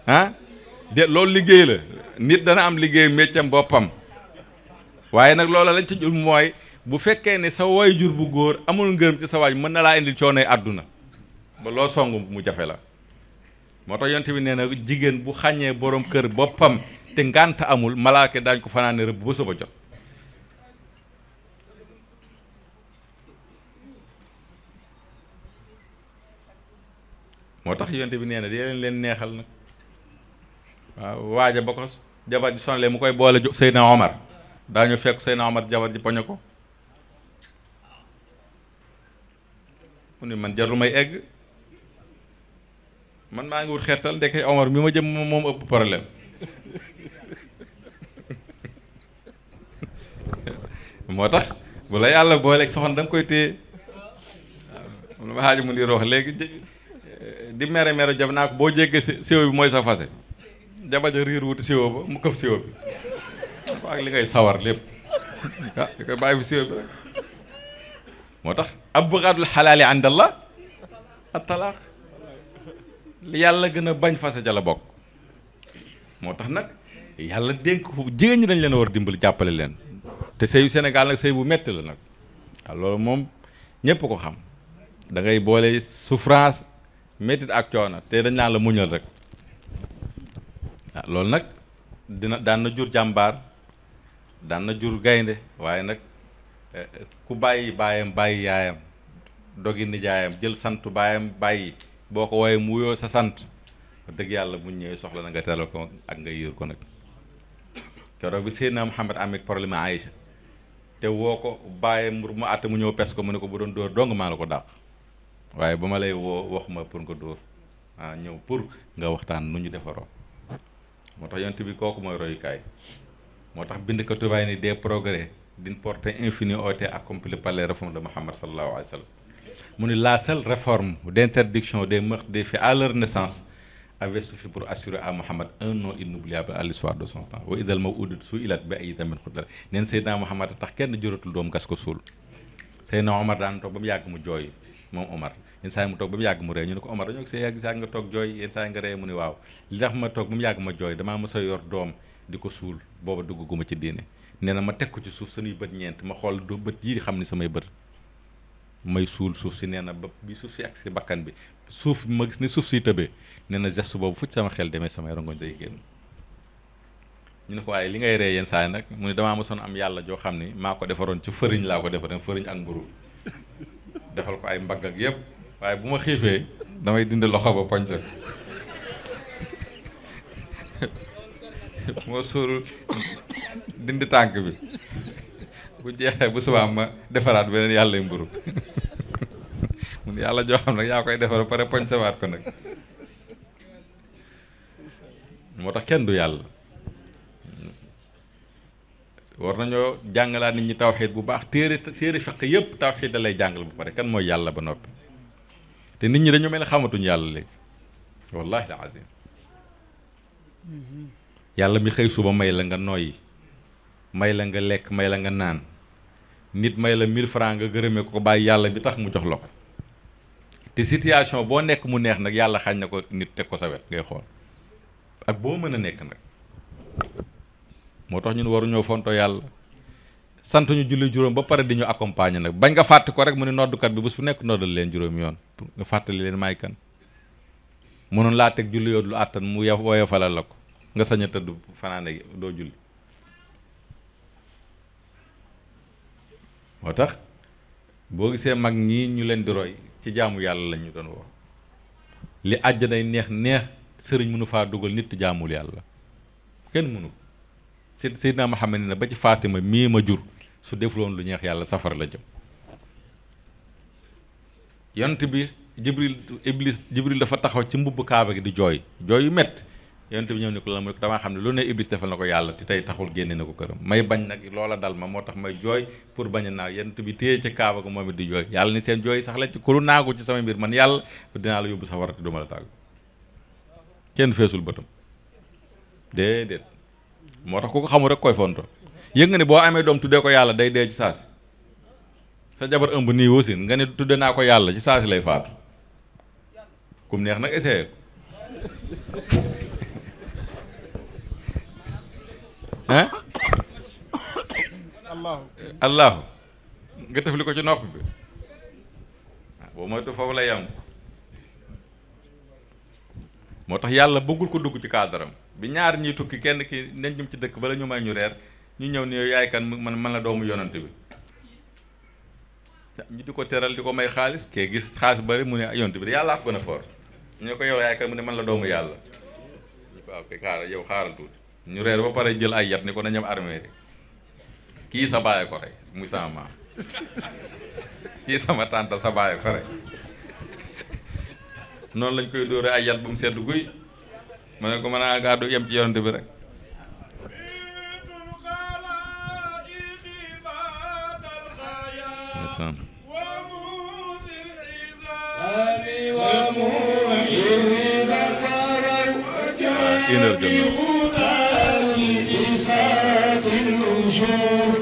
ah de loolu liggéey la nit dana am liggéey méccam boppam waaye nag loola lañ ci jul mooy bu fekkee ne sa way jur bu góor amul ngërëm ci sa waaj mën na laa indi coonoy àdduna ba loo song mu jafe la moo tax yonte bi nee na jigéen bu xàññee borom kër boppam te ngànt amul malaake daañ ko fanaane rëbb ba suba jot moo tax yonte bi nee na dee leen leen neexal nag waaw waaja ba ko jabar ji sonale mu koy boole Seydina Omar daañu fekk Seydina Omar jabar ji poñe ko mu ne man jarul may egg man maa ngi wut xeetal ndeke Omar mi ma jëm moom ëpp problème [laughs] moo tax bu la yàlla booleeg soxna da nga koy téye waaw lu ma xaaja mu niroo wax léegi di mere mere jab naa ko boo jéggee siwo bi mooy sa fase jaba ja riir wuti siwo ba mu ak li ngay sawar lépp [laughs] ah, tax abgadul xalaali àndallah attalaax li yàlla gën a bañ fase ja la bokk moo tax nag yàlla dénk foofu jigéen ñi dañ leen war dimbali jàppale leen te sëyu Sénégal nag sëy bu metti la nag waaw loolu moom ñépp ko xam da boole souffrance métit ak coono te dañ naan la muñal rek waaw ah, loolu nag dina daan na jur jàmbaar daan na jur gaynde waaye nag eh, eh, ku bàyyi baayam bàyyi yaayam dogi nijaayam jël sant baayam bàyyi boo ko waaye mu wuyoo sa sant dëgg yàlla mu ñëwee soxla na nga teral ko ak nga yër ko nag keroog bi Seydina Muhammad amee problème Aïcha te woo ko bàyyam mu àtte mu ñëw pes ko mu ne ko bu doon dóor dong maa la ko dàq waaye ba ma lay woo wax pour nga dóor ah ñëw pour nga waxtaan lu ñu defaroo moo tax yonent bi kooku mooy royukaay moo tax bind ko tubaay ni des progrès din porte infinie ont été accomplis par les réformes de Muhammad sallallahu alayhi wa sallam mu ni la seule réforme d'interdiction des meurtres des faits à leur naissance avait suffi pour assurer à Muhammad un nom inoubliable à l'histoire de son temps wa idal maw'udatu su'ilat bi ayyin dhanbin qutilat neen Seydina Muhammad a tax kenn juratul doom gas ko suul Seydina Omar daan toog yàgg mu jooy moom yenn saa mu toog ba mu yàgg mu ree ñu ne ko Omar dañoo gisee yàgg saa nga toog jooy yenn saa nga ree mu ne waaw li tax ma toog ba mu yàgg ma jooy damaa mës a doom di suul booba dugg ci diine nee na ma teg ko ci suuf suñuy bët ñeent ma xool du bët yii xam ni samay bët may suul suuf si nee na ba bi suuf si ak si bakkan bi suuf ma gis ni suuf siy tëbee nee na geste boobu fu sama xel demee samay rongoñ day génn ñu ne ko waaye li ngay ree yenn saa yi mu ne damaa mosoon am yàlla joo xam ni maa ko defaroon ci fëriñ laa ko defaroon fëriñ ak mburu defal ko ay mbagg ak yëpp waaye bu ma xiifee damay dindi loxo ba poñ rek moo suurul dindi tànk bi bu jeexee bu subaa ma defaraat beneen yàlla mburu mun yàlla joo xam nag yaa koy defar ba pare poñsewaat ko nag moo tax kenn du yàlla war nañoo jàngalaat nit ñi tawxiid bu baax téere téere fiq yépp tawxiid da lay jàngal bu pare kenn mooy yàlla ba noppi te nit ñi dañu mel ne xamatuñu yàlla léegi wallahi al azim yàlla mi xëy suba may la nga noyyi may la nga lekk may la nga naan nit may la 1000 francs nga gërëmee ko bàyyi yàlla bi tax mu jox la ko te situation boo nekk mu neex nag yàlla xañ na ko nit teg ko sawet ngay xool ak boo mën a nekk nag moo tax ñun waruñoo fonto yàlla sant ñu julli juróom ba pare di ñu accompagner nag bañ nga fàtte ko rek mu ne noddukat bi bés bu nekk noddal leen juróom yoon nga fàttali leen may kan mënoon laa teg julli yoon lu àttan mu woyofalal la ko nga sañ a tëdd fanaane doo julli moo tax boo gisee mag ñi ñu leen di roy ci jaamu yàlla la ñu doon woo li àjjanay neex neex sëriñ mënu faa dugal nit jaamul yàlla la kenn mënu ko ma Muhammad ne ba ci ma mii ma jur su def defuloon lu ñeex yàlla safara la jëm yonent bi jibril iblis jibril dafa taxaw ci mbubb kaaba gi di jooy jooy yu mett yonent bi ñëw ni ko la mu ne ko damaa xam ne lu ne iblis defal na ko yàlla te tey taxul génne na ko këram may bañ nag loola dal ma moo tax may jooy pour bañ naa naaw bi téye ci kaaba gi moom it di jooy yàlla ni seen jooy sax leen ci ku lu naagu ci sama mbir man yàlla dinaa la yóbbu safara te duma la tàggu kenn feesul bëtam déedéet moo ko xamul rek koy fonto yëg nga ne boo amee doom tuddee ko yàlla day dee ci saasi sa jabar ëmb nii wasin nga ne tudde naa ko yàlla ci saasi lay faatu kum neex na essayé ko [laughs] ah allahu nga li ko ci nopp bi waaw ah, boo moytu foofu lay yam moo tax yàlla bëggul ko dugg ci kaadaram bi ñaar ñiy tukki kenn ki nañ jëm ci dëkk bala ñu may ñu reer ñu ñëw ni yaay kan man man la doomu yonante bi ñu di teral di ko may xaalis ke gis xaalis bari mu ne yonante bi yàlla ko na for ñu ko yow yaay kan mu ne man la doomu yàlla ñu ko ak xaaral yow xaaral tut ñu reer ba pare jël ay yat ne ko na ñam armée ki sa bàyyi ko rek muy sama maam [laughs] kii sama tànta sa bàyyi ko rek [laughs] non lañ koy doore ay yat bu mu sedd guuy mané ko ah, a yam ci yonante bi rek ndeysaan une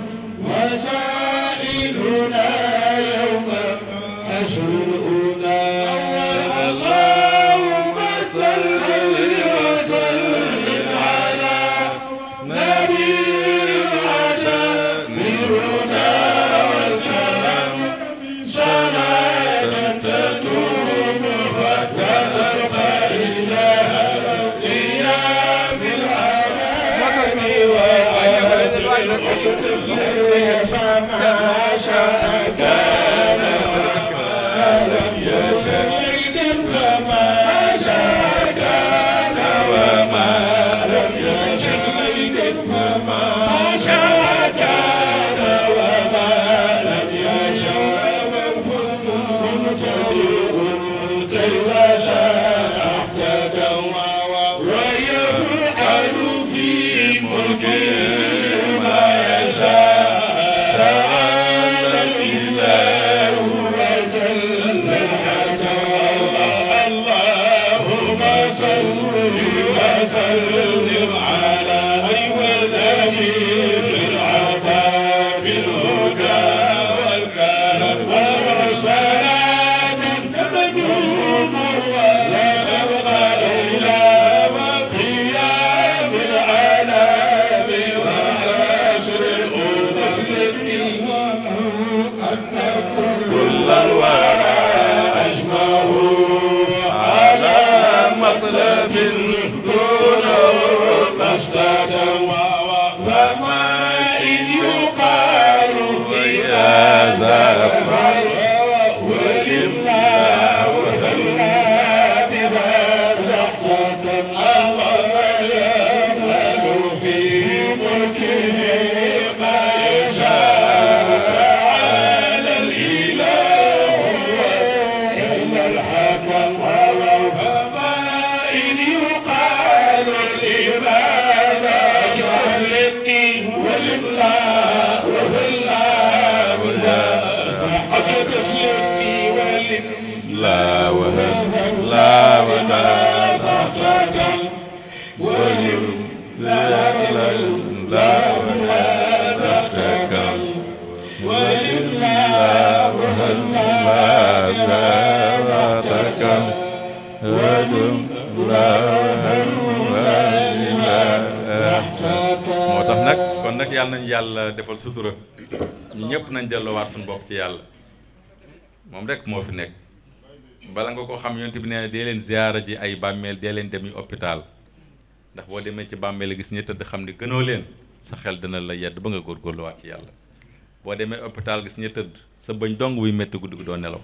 الدين ولله وهلا وهلا عجب الدين ولله وهلا وهلا عجب ولله yàlla nañu yàlla defal sutura ñu ñëpp nañ delloowaat suñu bopp ci yàlla moom rek moo fi nekk bala nga koo xam yonent bi nee na dee leen ziyaara ji ay bàmmeel dee leen demi hôpital ndax boo demee ci bàmmeel gis ñi tëdd xam ni gënoo leen sa xel dina la yedd ba nga góorgóorluwaat ci yàlla boo demee hôpital gis ñi tëdd sa bëñ dong buy métti guddi gu doo nelaw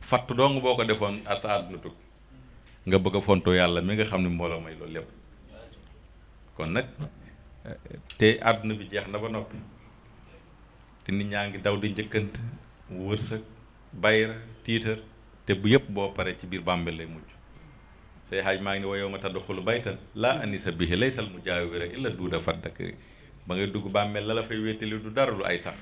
fatt dong boo ko defoon a sa àdduna tukki nga bëgg a fontoo yàlla mi nga xam ni mbooloo may loolu lépp kon nag te àdduna bi jeex na ba noppi te nit ñaa ngi daw di njëkkant wërsëg bayra tiitar te bu yëpp boo paree ci biir bàmbel lay mujj say xaaj maa ngi ne wayoo ma tàdd xulu baytan laa anisa lay laysal mu jaawi wéra illa duuda faddakk ba ngay dugg bàmmeel la la fay wéetali du dara lu ay sax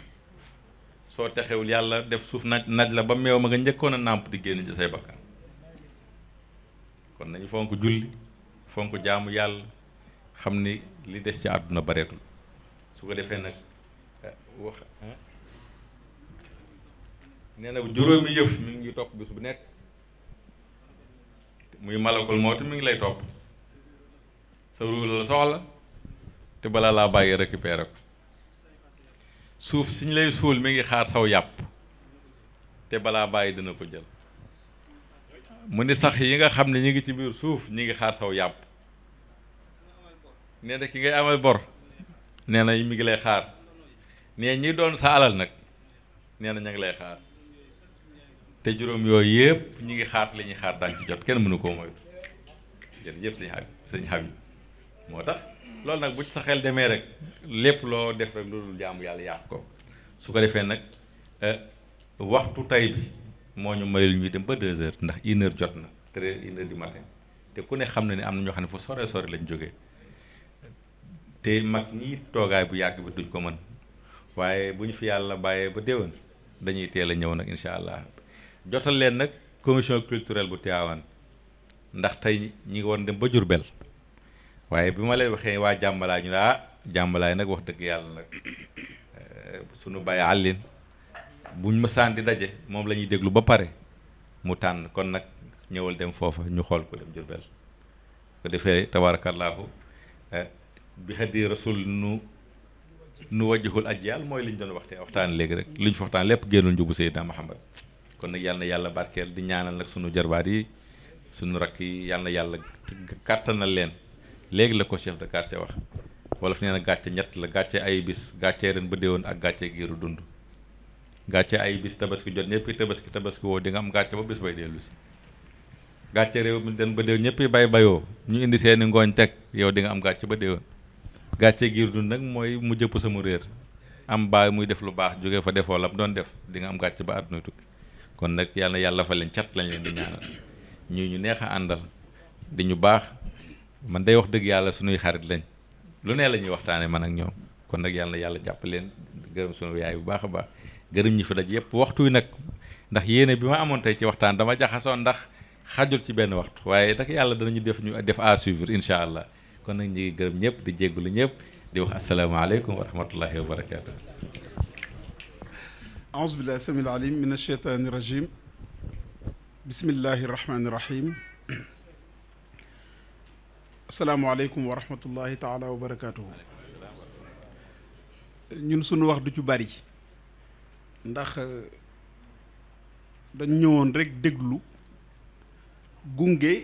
soo texewul yàlla def suuf naj naj la ba meew ma nga njëkkoon a nàmp di génn ci say bakkan kon nañu fonk julli fonk jaamu yàlla xam ni li des ci àdduna bareetul su ko defee nag eh, wax eh. nee na juróomi yëf mi ngi topp bis bu nekk muy malakul mawti mi ngi lay topp sa ruu la soxla te balaa laa bàyyi récupéré ko suuf si ñu lay suul mi ngi xaar saw yàpp te balaa bàyyi dina ko jël mu ni sax yi nga xam ne ñi ngi ci biir suuf ñi ngi xaar saw yàpp nee na ki ngay amal bor nee na mi ngi lay xaar nee ñi doon sa alal nag nee na ña lay xaar te juróom yooyu yëpp ñi ngi xaar li ñuy xaar daan ci jot kenn mënu koo moytu jërëjëf sëñ Habib moo tax loolu nag bu ci sa xel demee rek lépp loo def rek loolu jaamu yàlla yàq ko su ko defee nag eh, waxtu tay bi moo ñu mayul ñuy dem ba deux heures ndax une jot na te une heure du matin te ku ne xam na ne am na ñoo xam ne fu sore sore lañ jógee te mag ñi toogaay bu yàgg bi duñ ko mën waaye bu ñu fi yàlla bàyyee ba déwén dañuy teel a ñëw nag incha allah jotal leen nag commission culturel bu Tivaouane ndax tey ñi ngi war dem ba Jurbel waaye bi ma leen waxee waa jàmbalaay ñu ne ah jàmbalaay nag wax dëgg yàlla nag eh, sunu bàyyi àllin buñ mësaan di daje moom la ñuy déglu ba pare mu tànn kon nag ñëwal dem foofa ñu xool ko dem Jurbel ko defee tabaarakallaahu eh, bi hadi rasul nu nu wajjihul yàlla mooy li ñu doon waxtee waxtaan léegi rek li ñu fa waxtaan lépp génnul njubu Seydina Muhammad kon nag yàlla yàlla barkeel di ñaanal nag sunu jarbaat yi sunu rakk yi yàlla na yàlla kàttanal leen léegi la ko chef de quartier wax wala fi nee na gàcce ñett la gàcce ay bis gàcce ren ba déwoon ak gàcce giiru dund gàcce ay bis tabaski jot ñëpp tabaski tabaski woo di nga am gàcce ba bis bay dellu si gàcce réew mi den ba déew ñëpp bay bayoo ñu indi seeni ngooñ teg yow dinga nga am gàcce ba déewoon gàcce giir dund nag mooy mu jëpp mu réer am baay muy def lu baax jóge fa defoo lam doon def di nga am gàcce ba àdduna tukki kon nag yal na yàlla fa leen cat lañ leen di ñaanal ñu ñu neex a àndal di ñu baax man day wax dëgg yàlla suñuy xarit lañ lu ne la ñuy waxtaanee man ak ñoom kon nag yal na yàlla jàpp leen gërëm suñu yaay bu baax a baax gërëm ñi fi daj yëpp waxtu yi nag ndax yéene bi ma amoon tey ci waxtaan dama jaxasoon ndax xajul ci benn waxtu waaye dak yàlla danañu def ñu def à suivre incha kon nag ñu ngi gërëm ñëpp di jéggulu ñëpp di wax assalamu alaykum wa rahmatullahi wa barakatuh a'udhu billahi samil alim minash shaitani rajim bismillahi rahmaani rahim alaykum wa rahmatullahi taala wa barakatuh ñun suñu wax du ci bari ndax dañ ñëwoon rek déglu gunge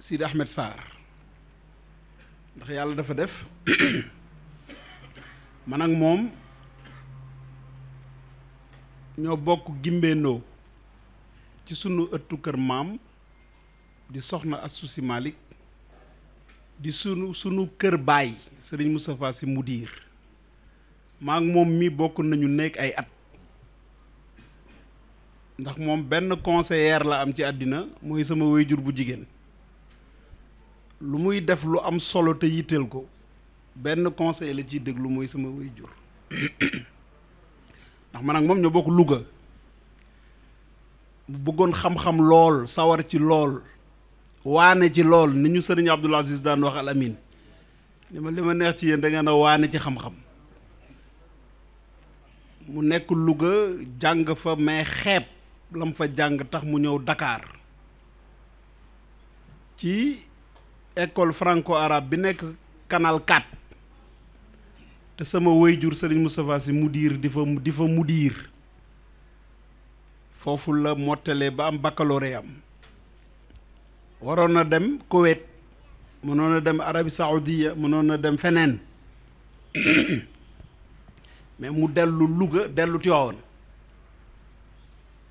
Sidi Ahmed Sarr ndax yàlla dafa def [clears throat] man ak moom ñoo bokk gimbeendoo ci sunu ëttu kër maam di soxna musafasi mudir, mang di sunu sunu kër sëriñ mudir maa ak moom mi bokk nañu nekk ay at ndax moom benn conseillère la am ci àddina mooy sama wéyjur bu jigéen lu muy def lu am solo te yitel ko ben conseil la deg lu muy sama way jur [clears throat] ndax man ak mom ñu bokku luga bu bëggon xam-xam lool sawar ci lool waane ci lool ni ñu serigne Abdoul Aziz daan wax al amin lima lima neex ci yeen da nga na waane ci xam-xam mu nekk luga jang fa mais xeb lam fa jang tax mu ñew Dakar ci école franco arabe bi nek canal 4 te sama wayjur serigne Moustapha Sy mudiir di difa di fa la motale ba am baccalauréat warona dem kuwait fenen. dem Arabie Saoudia mënoon dem fenen [coughs] mais mu delu Louga delu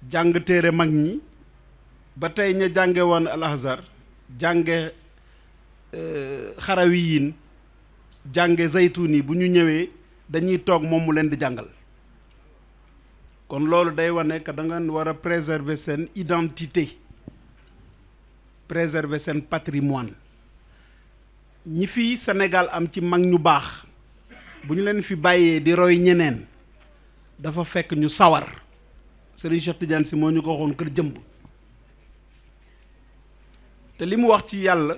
jang mag ba tay ña Al Azhar jangé Euh, xarawiyin jànge zaytuun yi bu ñu ñëwee dañuy toog moom mu leen di jàngal kon loolu day wane que da nga war a préserver seen identité préserver seen patrimoine ñi fi Sénégal am ci mag ñu baax bu ñu leen fi bàyyee di roy ñeneen dafa fekk ñu sawar Serigne Cheikh Tidiane si moo ñu ko waxoon kër jëmb te li wax ci yàlla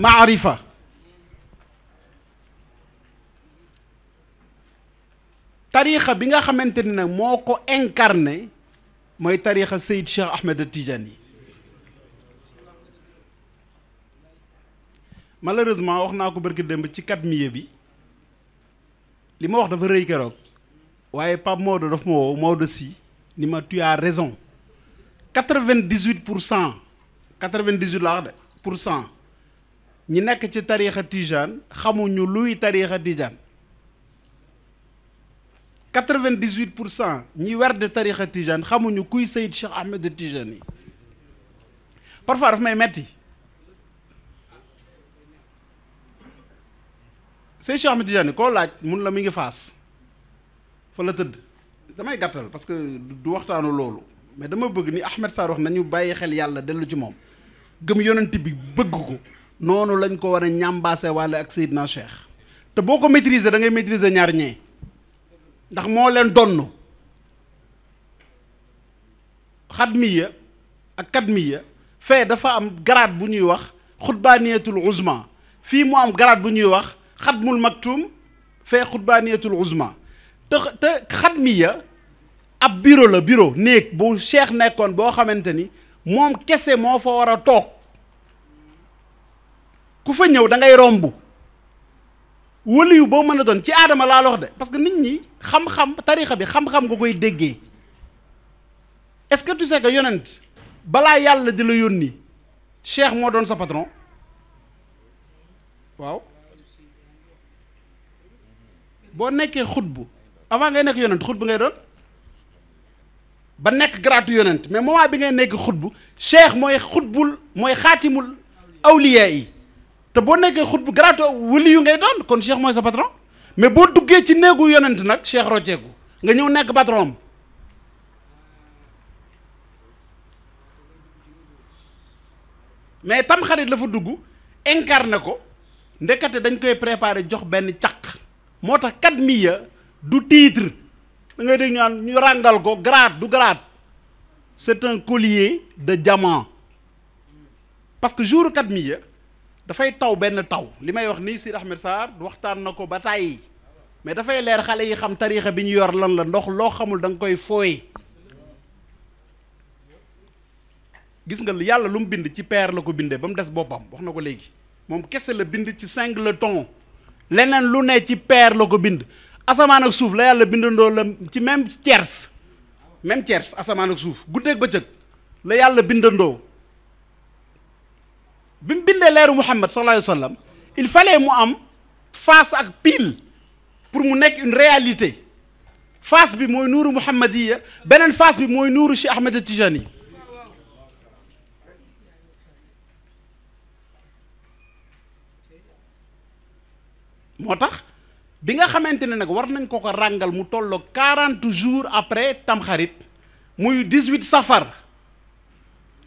maarifa tarixa bi nga xamante ni nag moo ko incarné mooy tarixa Seyid Cheikh Ahmed Tidiane yi malheureusement wax naa ko barki démb ci kat miye bi li ma wax dafa rëy keroog waaye Pape Maodo daf ma woo Maodo si ni ma tu as raison quatre-vingt-dix-huit pour cent quatre-vingt-dix-huit la wax de pour cent ñi nek ci tariikha tariixa xamu ñu luy tariikha tijaan 98% ñi wer de tariikha cent xamu ñu kuy seyd Cheikh Ahmed Tijaan parfois daf may metti Seydi Cheikh Ahmed Tijaan ko laaj mun la mi ngi faas fa la teud damay gàttal parce que du waxtaanu loolu mais dama bëgg ni Ahmed sar wax nañu bàyyi xel yàlla dellu ci moom gëm yonent bi bëgg ko nonu lañ ko wara a ñambaase wàlle ak sayyidna Cheikh te boko maîtriser da ngay maîtriser ñaar ñé ndax mo leen donn khadmiya ak kadmiya fé dafa am grade bu ñuy wax khutbaniyatul uzma fi mu am grade bu ñuy wax xadmul maktum fé khutbaniyatul uzma te te xadmiya ab bureau la bureau nek bu Cheikh nekkon bo xamanteni mom kessé mo fa wara tok ku fa ñëw da ngay romb waliyu boo mën a doon ci aadama laa lox de parce que nit ñi xam-xam tarixa bi xam-xam nga koy déggee est-ce que tu sais que yonent balaa yàlla di la yónni cheikh moo doon sa patron waaw boo nekkee xutbu avant ngay nekk yonent xutbu ngay doon ba nekk gratu yonent mais moment bi ngay nekk xutbu cheikh mooy xutbul mooy xaatimul awliya yi te boo nekkee xut bu garaatu wëli yu ngay doon kon cheikh mooy sa patron mais boo duggee ci néegu yonent nag cheikh rocceeku nga ñëw nekk patron mais tam xarit la fa dugg incarné ko ndekete dañ koy préparé jox benn caq moo tax kat mi du titre da ngay dégg ñu naan ko grade du grade c'est un collier de diamant parce que jour kat dafay taw benn taw li may wax nii Sidi Ahmed Sarr waxtaan na ko ba tàyyi mais dafay leer xale yi xam tariixa bi ñu yor lan la ndox loo xamul danga koy fooye gis nga yàlla lu mu bind ci peer la ko bindee ba mu des boppam wax na ko léegi moom kese la bind ci cinq la singleton leneen lu ne ci peer la ko bind asamaan ak suuf la yàlla bindandoo la ci même tiers même tiers asamaan ak suuf guddee guddeeg bëccëg la yàlla bindandoo bi mu bindee leeru Muhammad sallallahu alayhi wa sallam il fallait mu am face ak pile pour mu nek une réalité face bi moy nourou Muhammadiya benen face bi moy nourou Cheikh Ahmed Tijani motax bi nga xamante nak war nañ ko ko rangal mu tolloo 40 jours après tamxarit muy dix-huit safar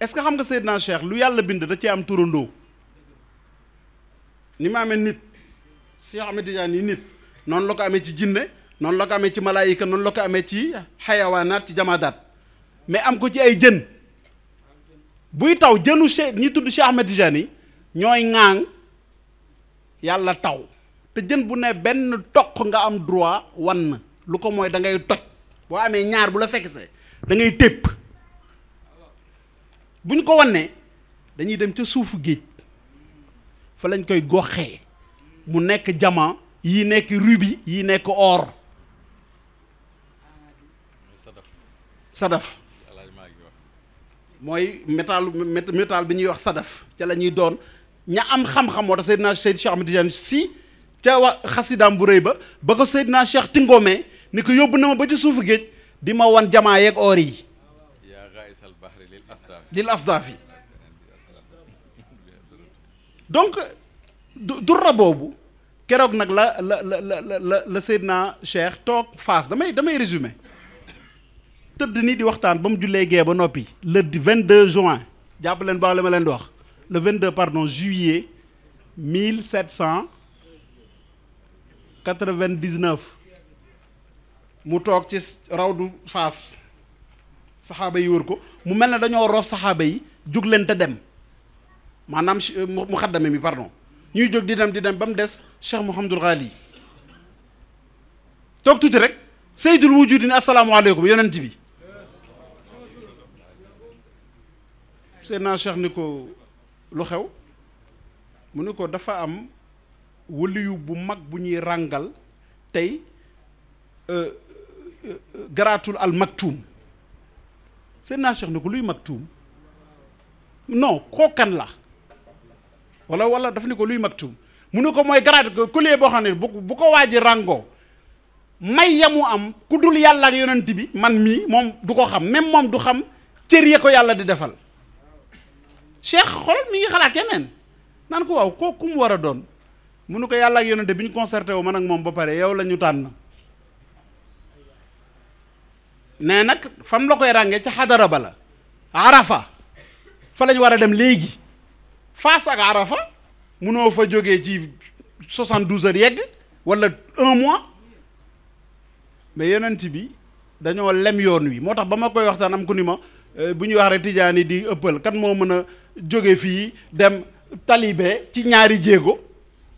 est-ce que xam nga naa Cheikh lu yàlla bind da cee am turandoo ni ma amee nit Cheikh Ahmed Tidiane yi nit noonu la ko amee ci jinne noonu la ko amee ci malaayika noonu la ko amee ci xayawaanaat ci jamaadaat mais am ko ci ay jën buy taw jënu Cheikh ñi tudd si Ahmed Tidiane yi ñooy ŋaang yàlla taw te jën bu ne benn toq nga am droit wan lu ko mooy da ngay toj boo amee ñaar bu la fekk see da ngay buñ ko wannee dañuy dem ca suufu géej fa lañ koy goxee mu nekk diamant yi nekk rubis yi nekk or sadaf mooy métal métal bi ñuy wax sadaf ca la ñuy doon ña am xam-xam moo tax Seydina Seyd Cheikh Ahmed si ca wa xasidaam bu rëy ba ba ko Seydina Cheikh Tingomee ni yóbbu na ma ba ca suufu géej di ma wan jamaa yeeg or yi di lasdaaf donc durra boobu kérok nak la la la la la Cheikh tok face damay damay résumé teud ni di waxtan bam julé jullee ba nopi le 22 juin jàpp leen baax li ma wax le 22 pardon juillet 1799 mu tok ci rawdu face sahaba yi wër ko mu mel ne dañoo roof sahaba yi jug leen te dem maanaam mu mi pardon ñuy jóg di dem di dem ba mu des Cheikh Mouhamadul Ghali toog tuuti rek Seydul wujudin ni asalaamaaleykum yonent bi seen naa Cheikh ni ko lu xew mu ni ko dafa am wëliyu bu mag bu ñuy ràngal tey garaatul al maktuum seen naa cheikh nako luy mag tuum non kookan la wala wala daf ni ko luy mag tuum mu ne ko mooy grade collier boo xam ne bu bu ko waaji rango may yamu am ku dul yàlla ak yonent bi man mii moom du ko xam même moom du xam cër ya ko yàlla di defal cheikh xol mi ngi xalaat yeneen naan ko waaw kooku mu war a doon mu ne ko yàlla ak yonent bi ñu concerté wu man ak moom ba pare yow la ñu ne nag fam la koy rànge ca xadara ba la arafa fa lañ war a dem léegi faas ak arafa munoo fa jógee ci soixante douze heures yegg wala un mois mais yonent bi dañoo lem yoon wi moo tax ba ma koy waxtaan am ku ni ma euh, bu ñu wax rek tijaan yi di ëppal kan moo mën a jóge fii dem talibe ci ñaari jéego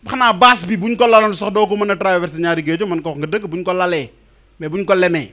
xanaa baas bi buñ ko laloon sax doo ko mën a traversé ñaari géejo mën ko wax nga dëgg buñ ko lalee mais buñ ko lemee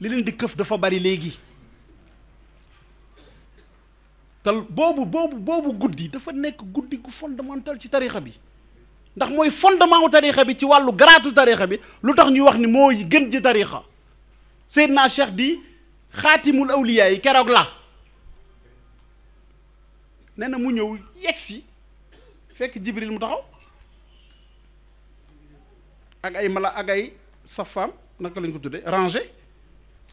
li leen di dafa bari léegi te bobu bobu bobu guddi dafa nek guddi gu fondamental ci tarikha bi ndax moy fondement tarikha bi ci walu garaatu tarikha bi lutax ñu wax ni moy gën ci tarixa Seydina Cheikh di khatimul awliyaa yi la mu ñew Jibril ak ay mala lañ ko rangé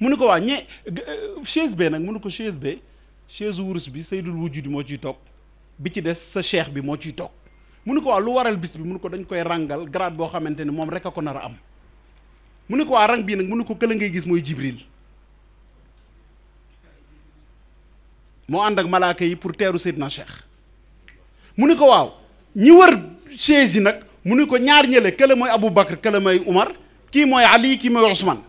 munu ko waa euh, chaise be nak munu ko chaise be chaise wurs bi seydul wujudi mo ci tok bi ci dess sa cheikh bi mo ci tok munu ko wa lu waral bis bi munu ko dañ koy rangal grade bo xamanteni mom rek ko nara am munu ko wa rang bi nak munu ko kele ngay gis moy jibril Mo and ak malaaka yi pour teeru seydina cheikh mu ko waaw ñi wër chaise yi nak mu ko ñaar ñele kele moy abou bakar kele moy umar ki moy ali ki moy usman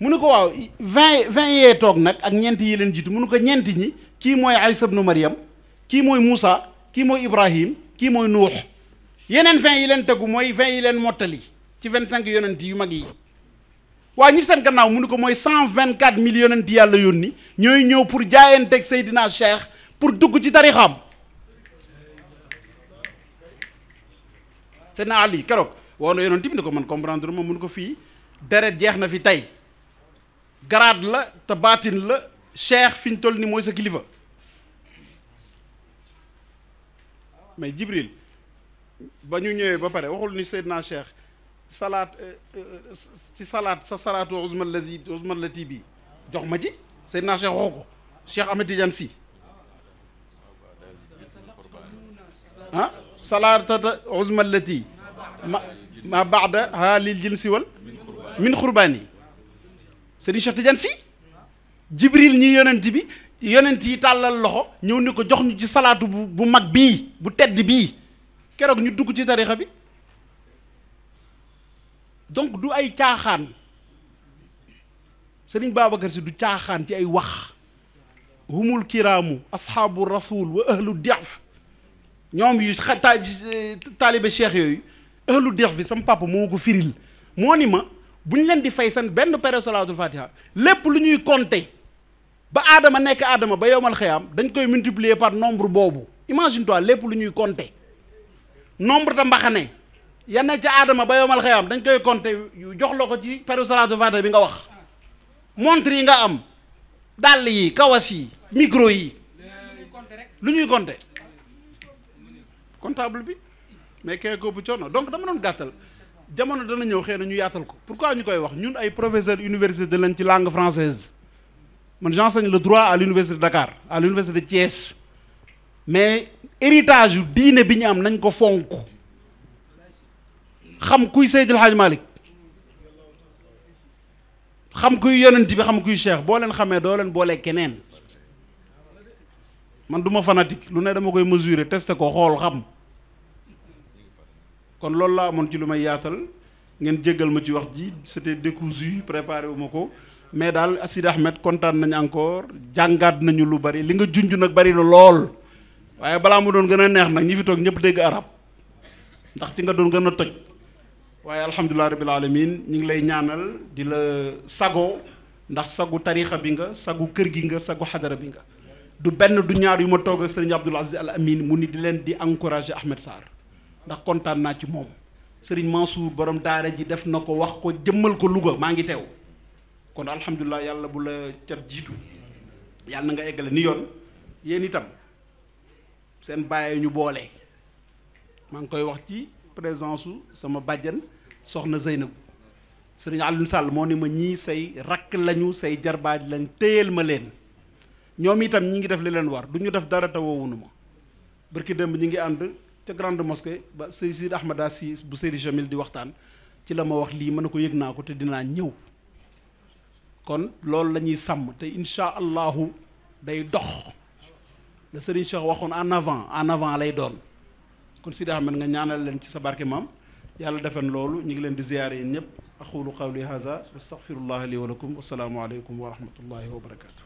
mu ne ko waaw vingt vingt yee toog nag ak ñeent yi leen jiitu mu ne ko ñeent ñi kii mooy Aysa bnu Maryam kii mooy Muusa kii mooy Ibrahim kii mooy Nuux yeneen vingt yi leen tegu mooy vingt yi leen mottali ci vingt cinq yonent yu mag yi waa ñi seen gannaaw mu ne ko mooy cent vingt quatre mille yonent yàlla yónni ñooy ñëw pour sey dinaa Cheikh pour dugg ci tarixam Seydina Ali keroog woo na yonent bi ne ko man comprendre ma mu ne ko fii deret jeex na fi tey grade la te batine la cheikh fiñ ñu toll ni moy sa kilifa mais jibril bañu ñëwé ba pare waxul ni sayyidna cheikh salat ci salat sa salaatu uzma lati uzma lati bi jox ma ci sayyidna cheikh xoko cheikh amadou Tidiane Sy ah salaatata uzma lati ma ma baada ha lil jinsi wal min qurbaani سيدي شفت جنسي جبريل ني يوننتي بي يوننتي تالال لوخو نيو نيكو جوخ نيو سي صلاه بو ماك بي بو تيد بي كيروك ني دوك سي تاريخا بي دونك دو اي تياخان سيرين بابا كرسي دو تياخان تي اي واخ هم الكرام اصحاب الرسول واهل الضعف نيوم يو خطا طالب الشيخ يوي اهل الضعف سام بابا موكو فيريل مونيما bu ñu leen di fay seen benn pere salaatul fatiha lépp lu ñuy compter ba aadama nekk aadama ba yowmal xëyaam dañ koy multiplier par nombre boobu imagine toi lépp lu ñuy compter nombre da mbaxane ya ne ca aadama ba yowmal xëyaam dañ koy compter yu jox la ko ci pere salaatul fatiha bi nga wax montre yi nga am dàll yi kawas yi micro yi lu ñuy compter comptable bi mais kee ko bu coono donc dama doon gàttal jamono dana ñëw xëy ñu yaatal ko pourquoi ñu koy wax ñun ay professeur université lañ ci langue française man j'enseigne le droit à l'université de Dakar à l'université de Thiès mais héritage diiné bi ñu am nañ ko fonk xam kuy Seydil Hadj Malik xam kuy yonent bi xam kuy cheikh boo leen xamee doo leen boolee keneen man duma ma fanatique lu né dama koy mesurer tester ko xol xam kon loolu laa amoon ci lu may yaatal ngeen jéggal ma ci wax ji c'était décousu préparé wu ma ko mais daal Sidi Ahmed kontaan nañ encore jàngaat nañu lu bari li nga junj nag bari na lool waaye balaa mu doon gën a neex nag ñi fi toog ñëpp dégg arab ndax ci nga doon gën a toj waaye alhamdulilah rabbil alamin ñu ngi lay ñaanal di la sago ndax sagu tarixa bi nga sagu kër gi nga sagu xadara bi nga du benn du ñaar yu ma toog ak sëriñ Abdoul Aziz Al Amin mu ni di leen di encourager Ahmed Sarr ndax contane na ci mom serigne Mansour borom daara ji def nako wax ko jëmmal ko luga ma ngi Ya kon alhamdullah yalla bu la ciat jitu yalla nga eggal ni yon yen itam sen baye ñu boole ma ngi koy wax ci présence sama badjan soxna zainab Sering Alioune Sall mo ni ma ñi say rak lañu say jarbaaj lañ teyel ma len ñom itam ñi ngi def li len war duñu def dara barki ñi ngi and ci grande mosquée ba sëy Sidi Ahmada si bu Seydi Jamil di waxtan ci lama wax li mën na ko yëg ko te dina ñëw kon lool lañuy sam te insha allah day dox le Serigne Cheikh waxon en avant en avant lay doon kon Sidi Ahmed nga ñaanal leen ci sa barke mam yàlla defen loolu ñi ngi leen di ziaré ñep ñëpp aqulu qawli hadha wa astaghfirullah li wa lakum wa salaamu aleykum wa rahmatullahi wa barakatu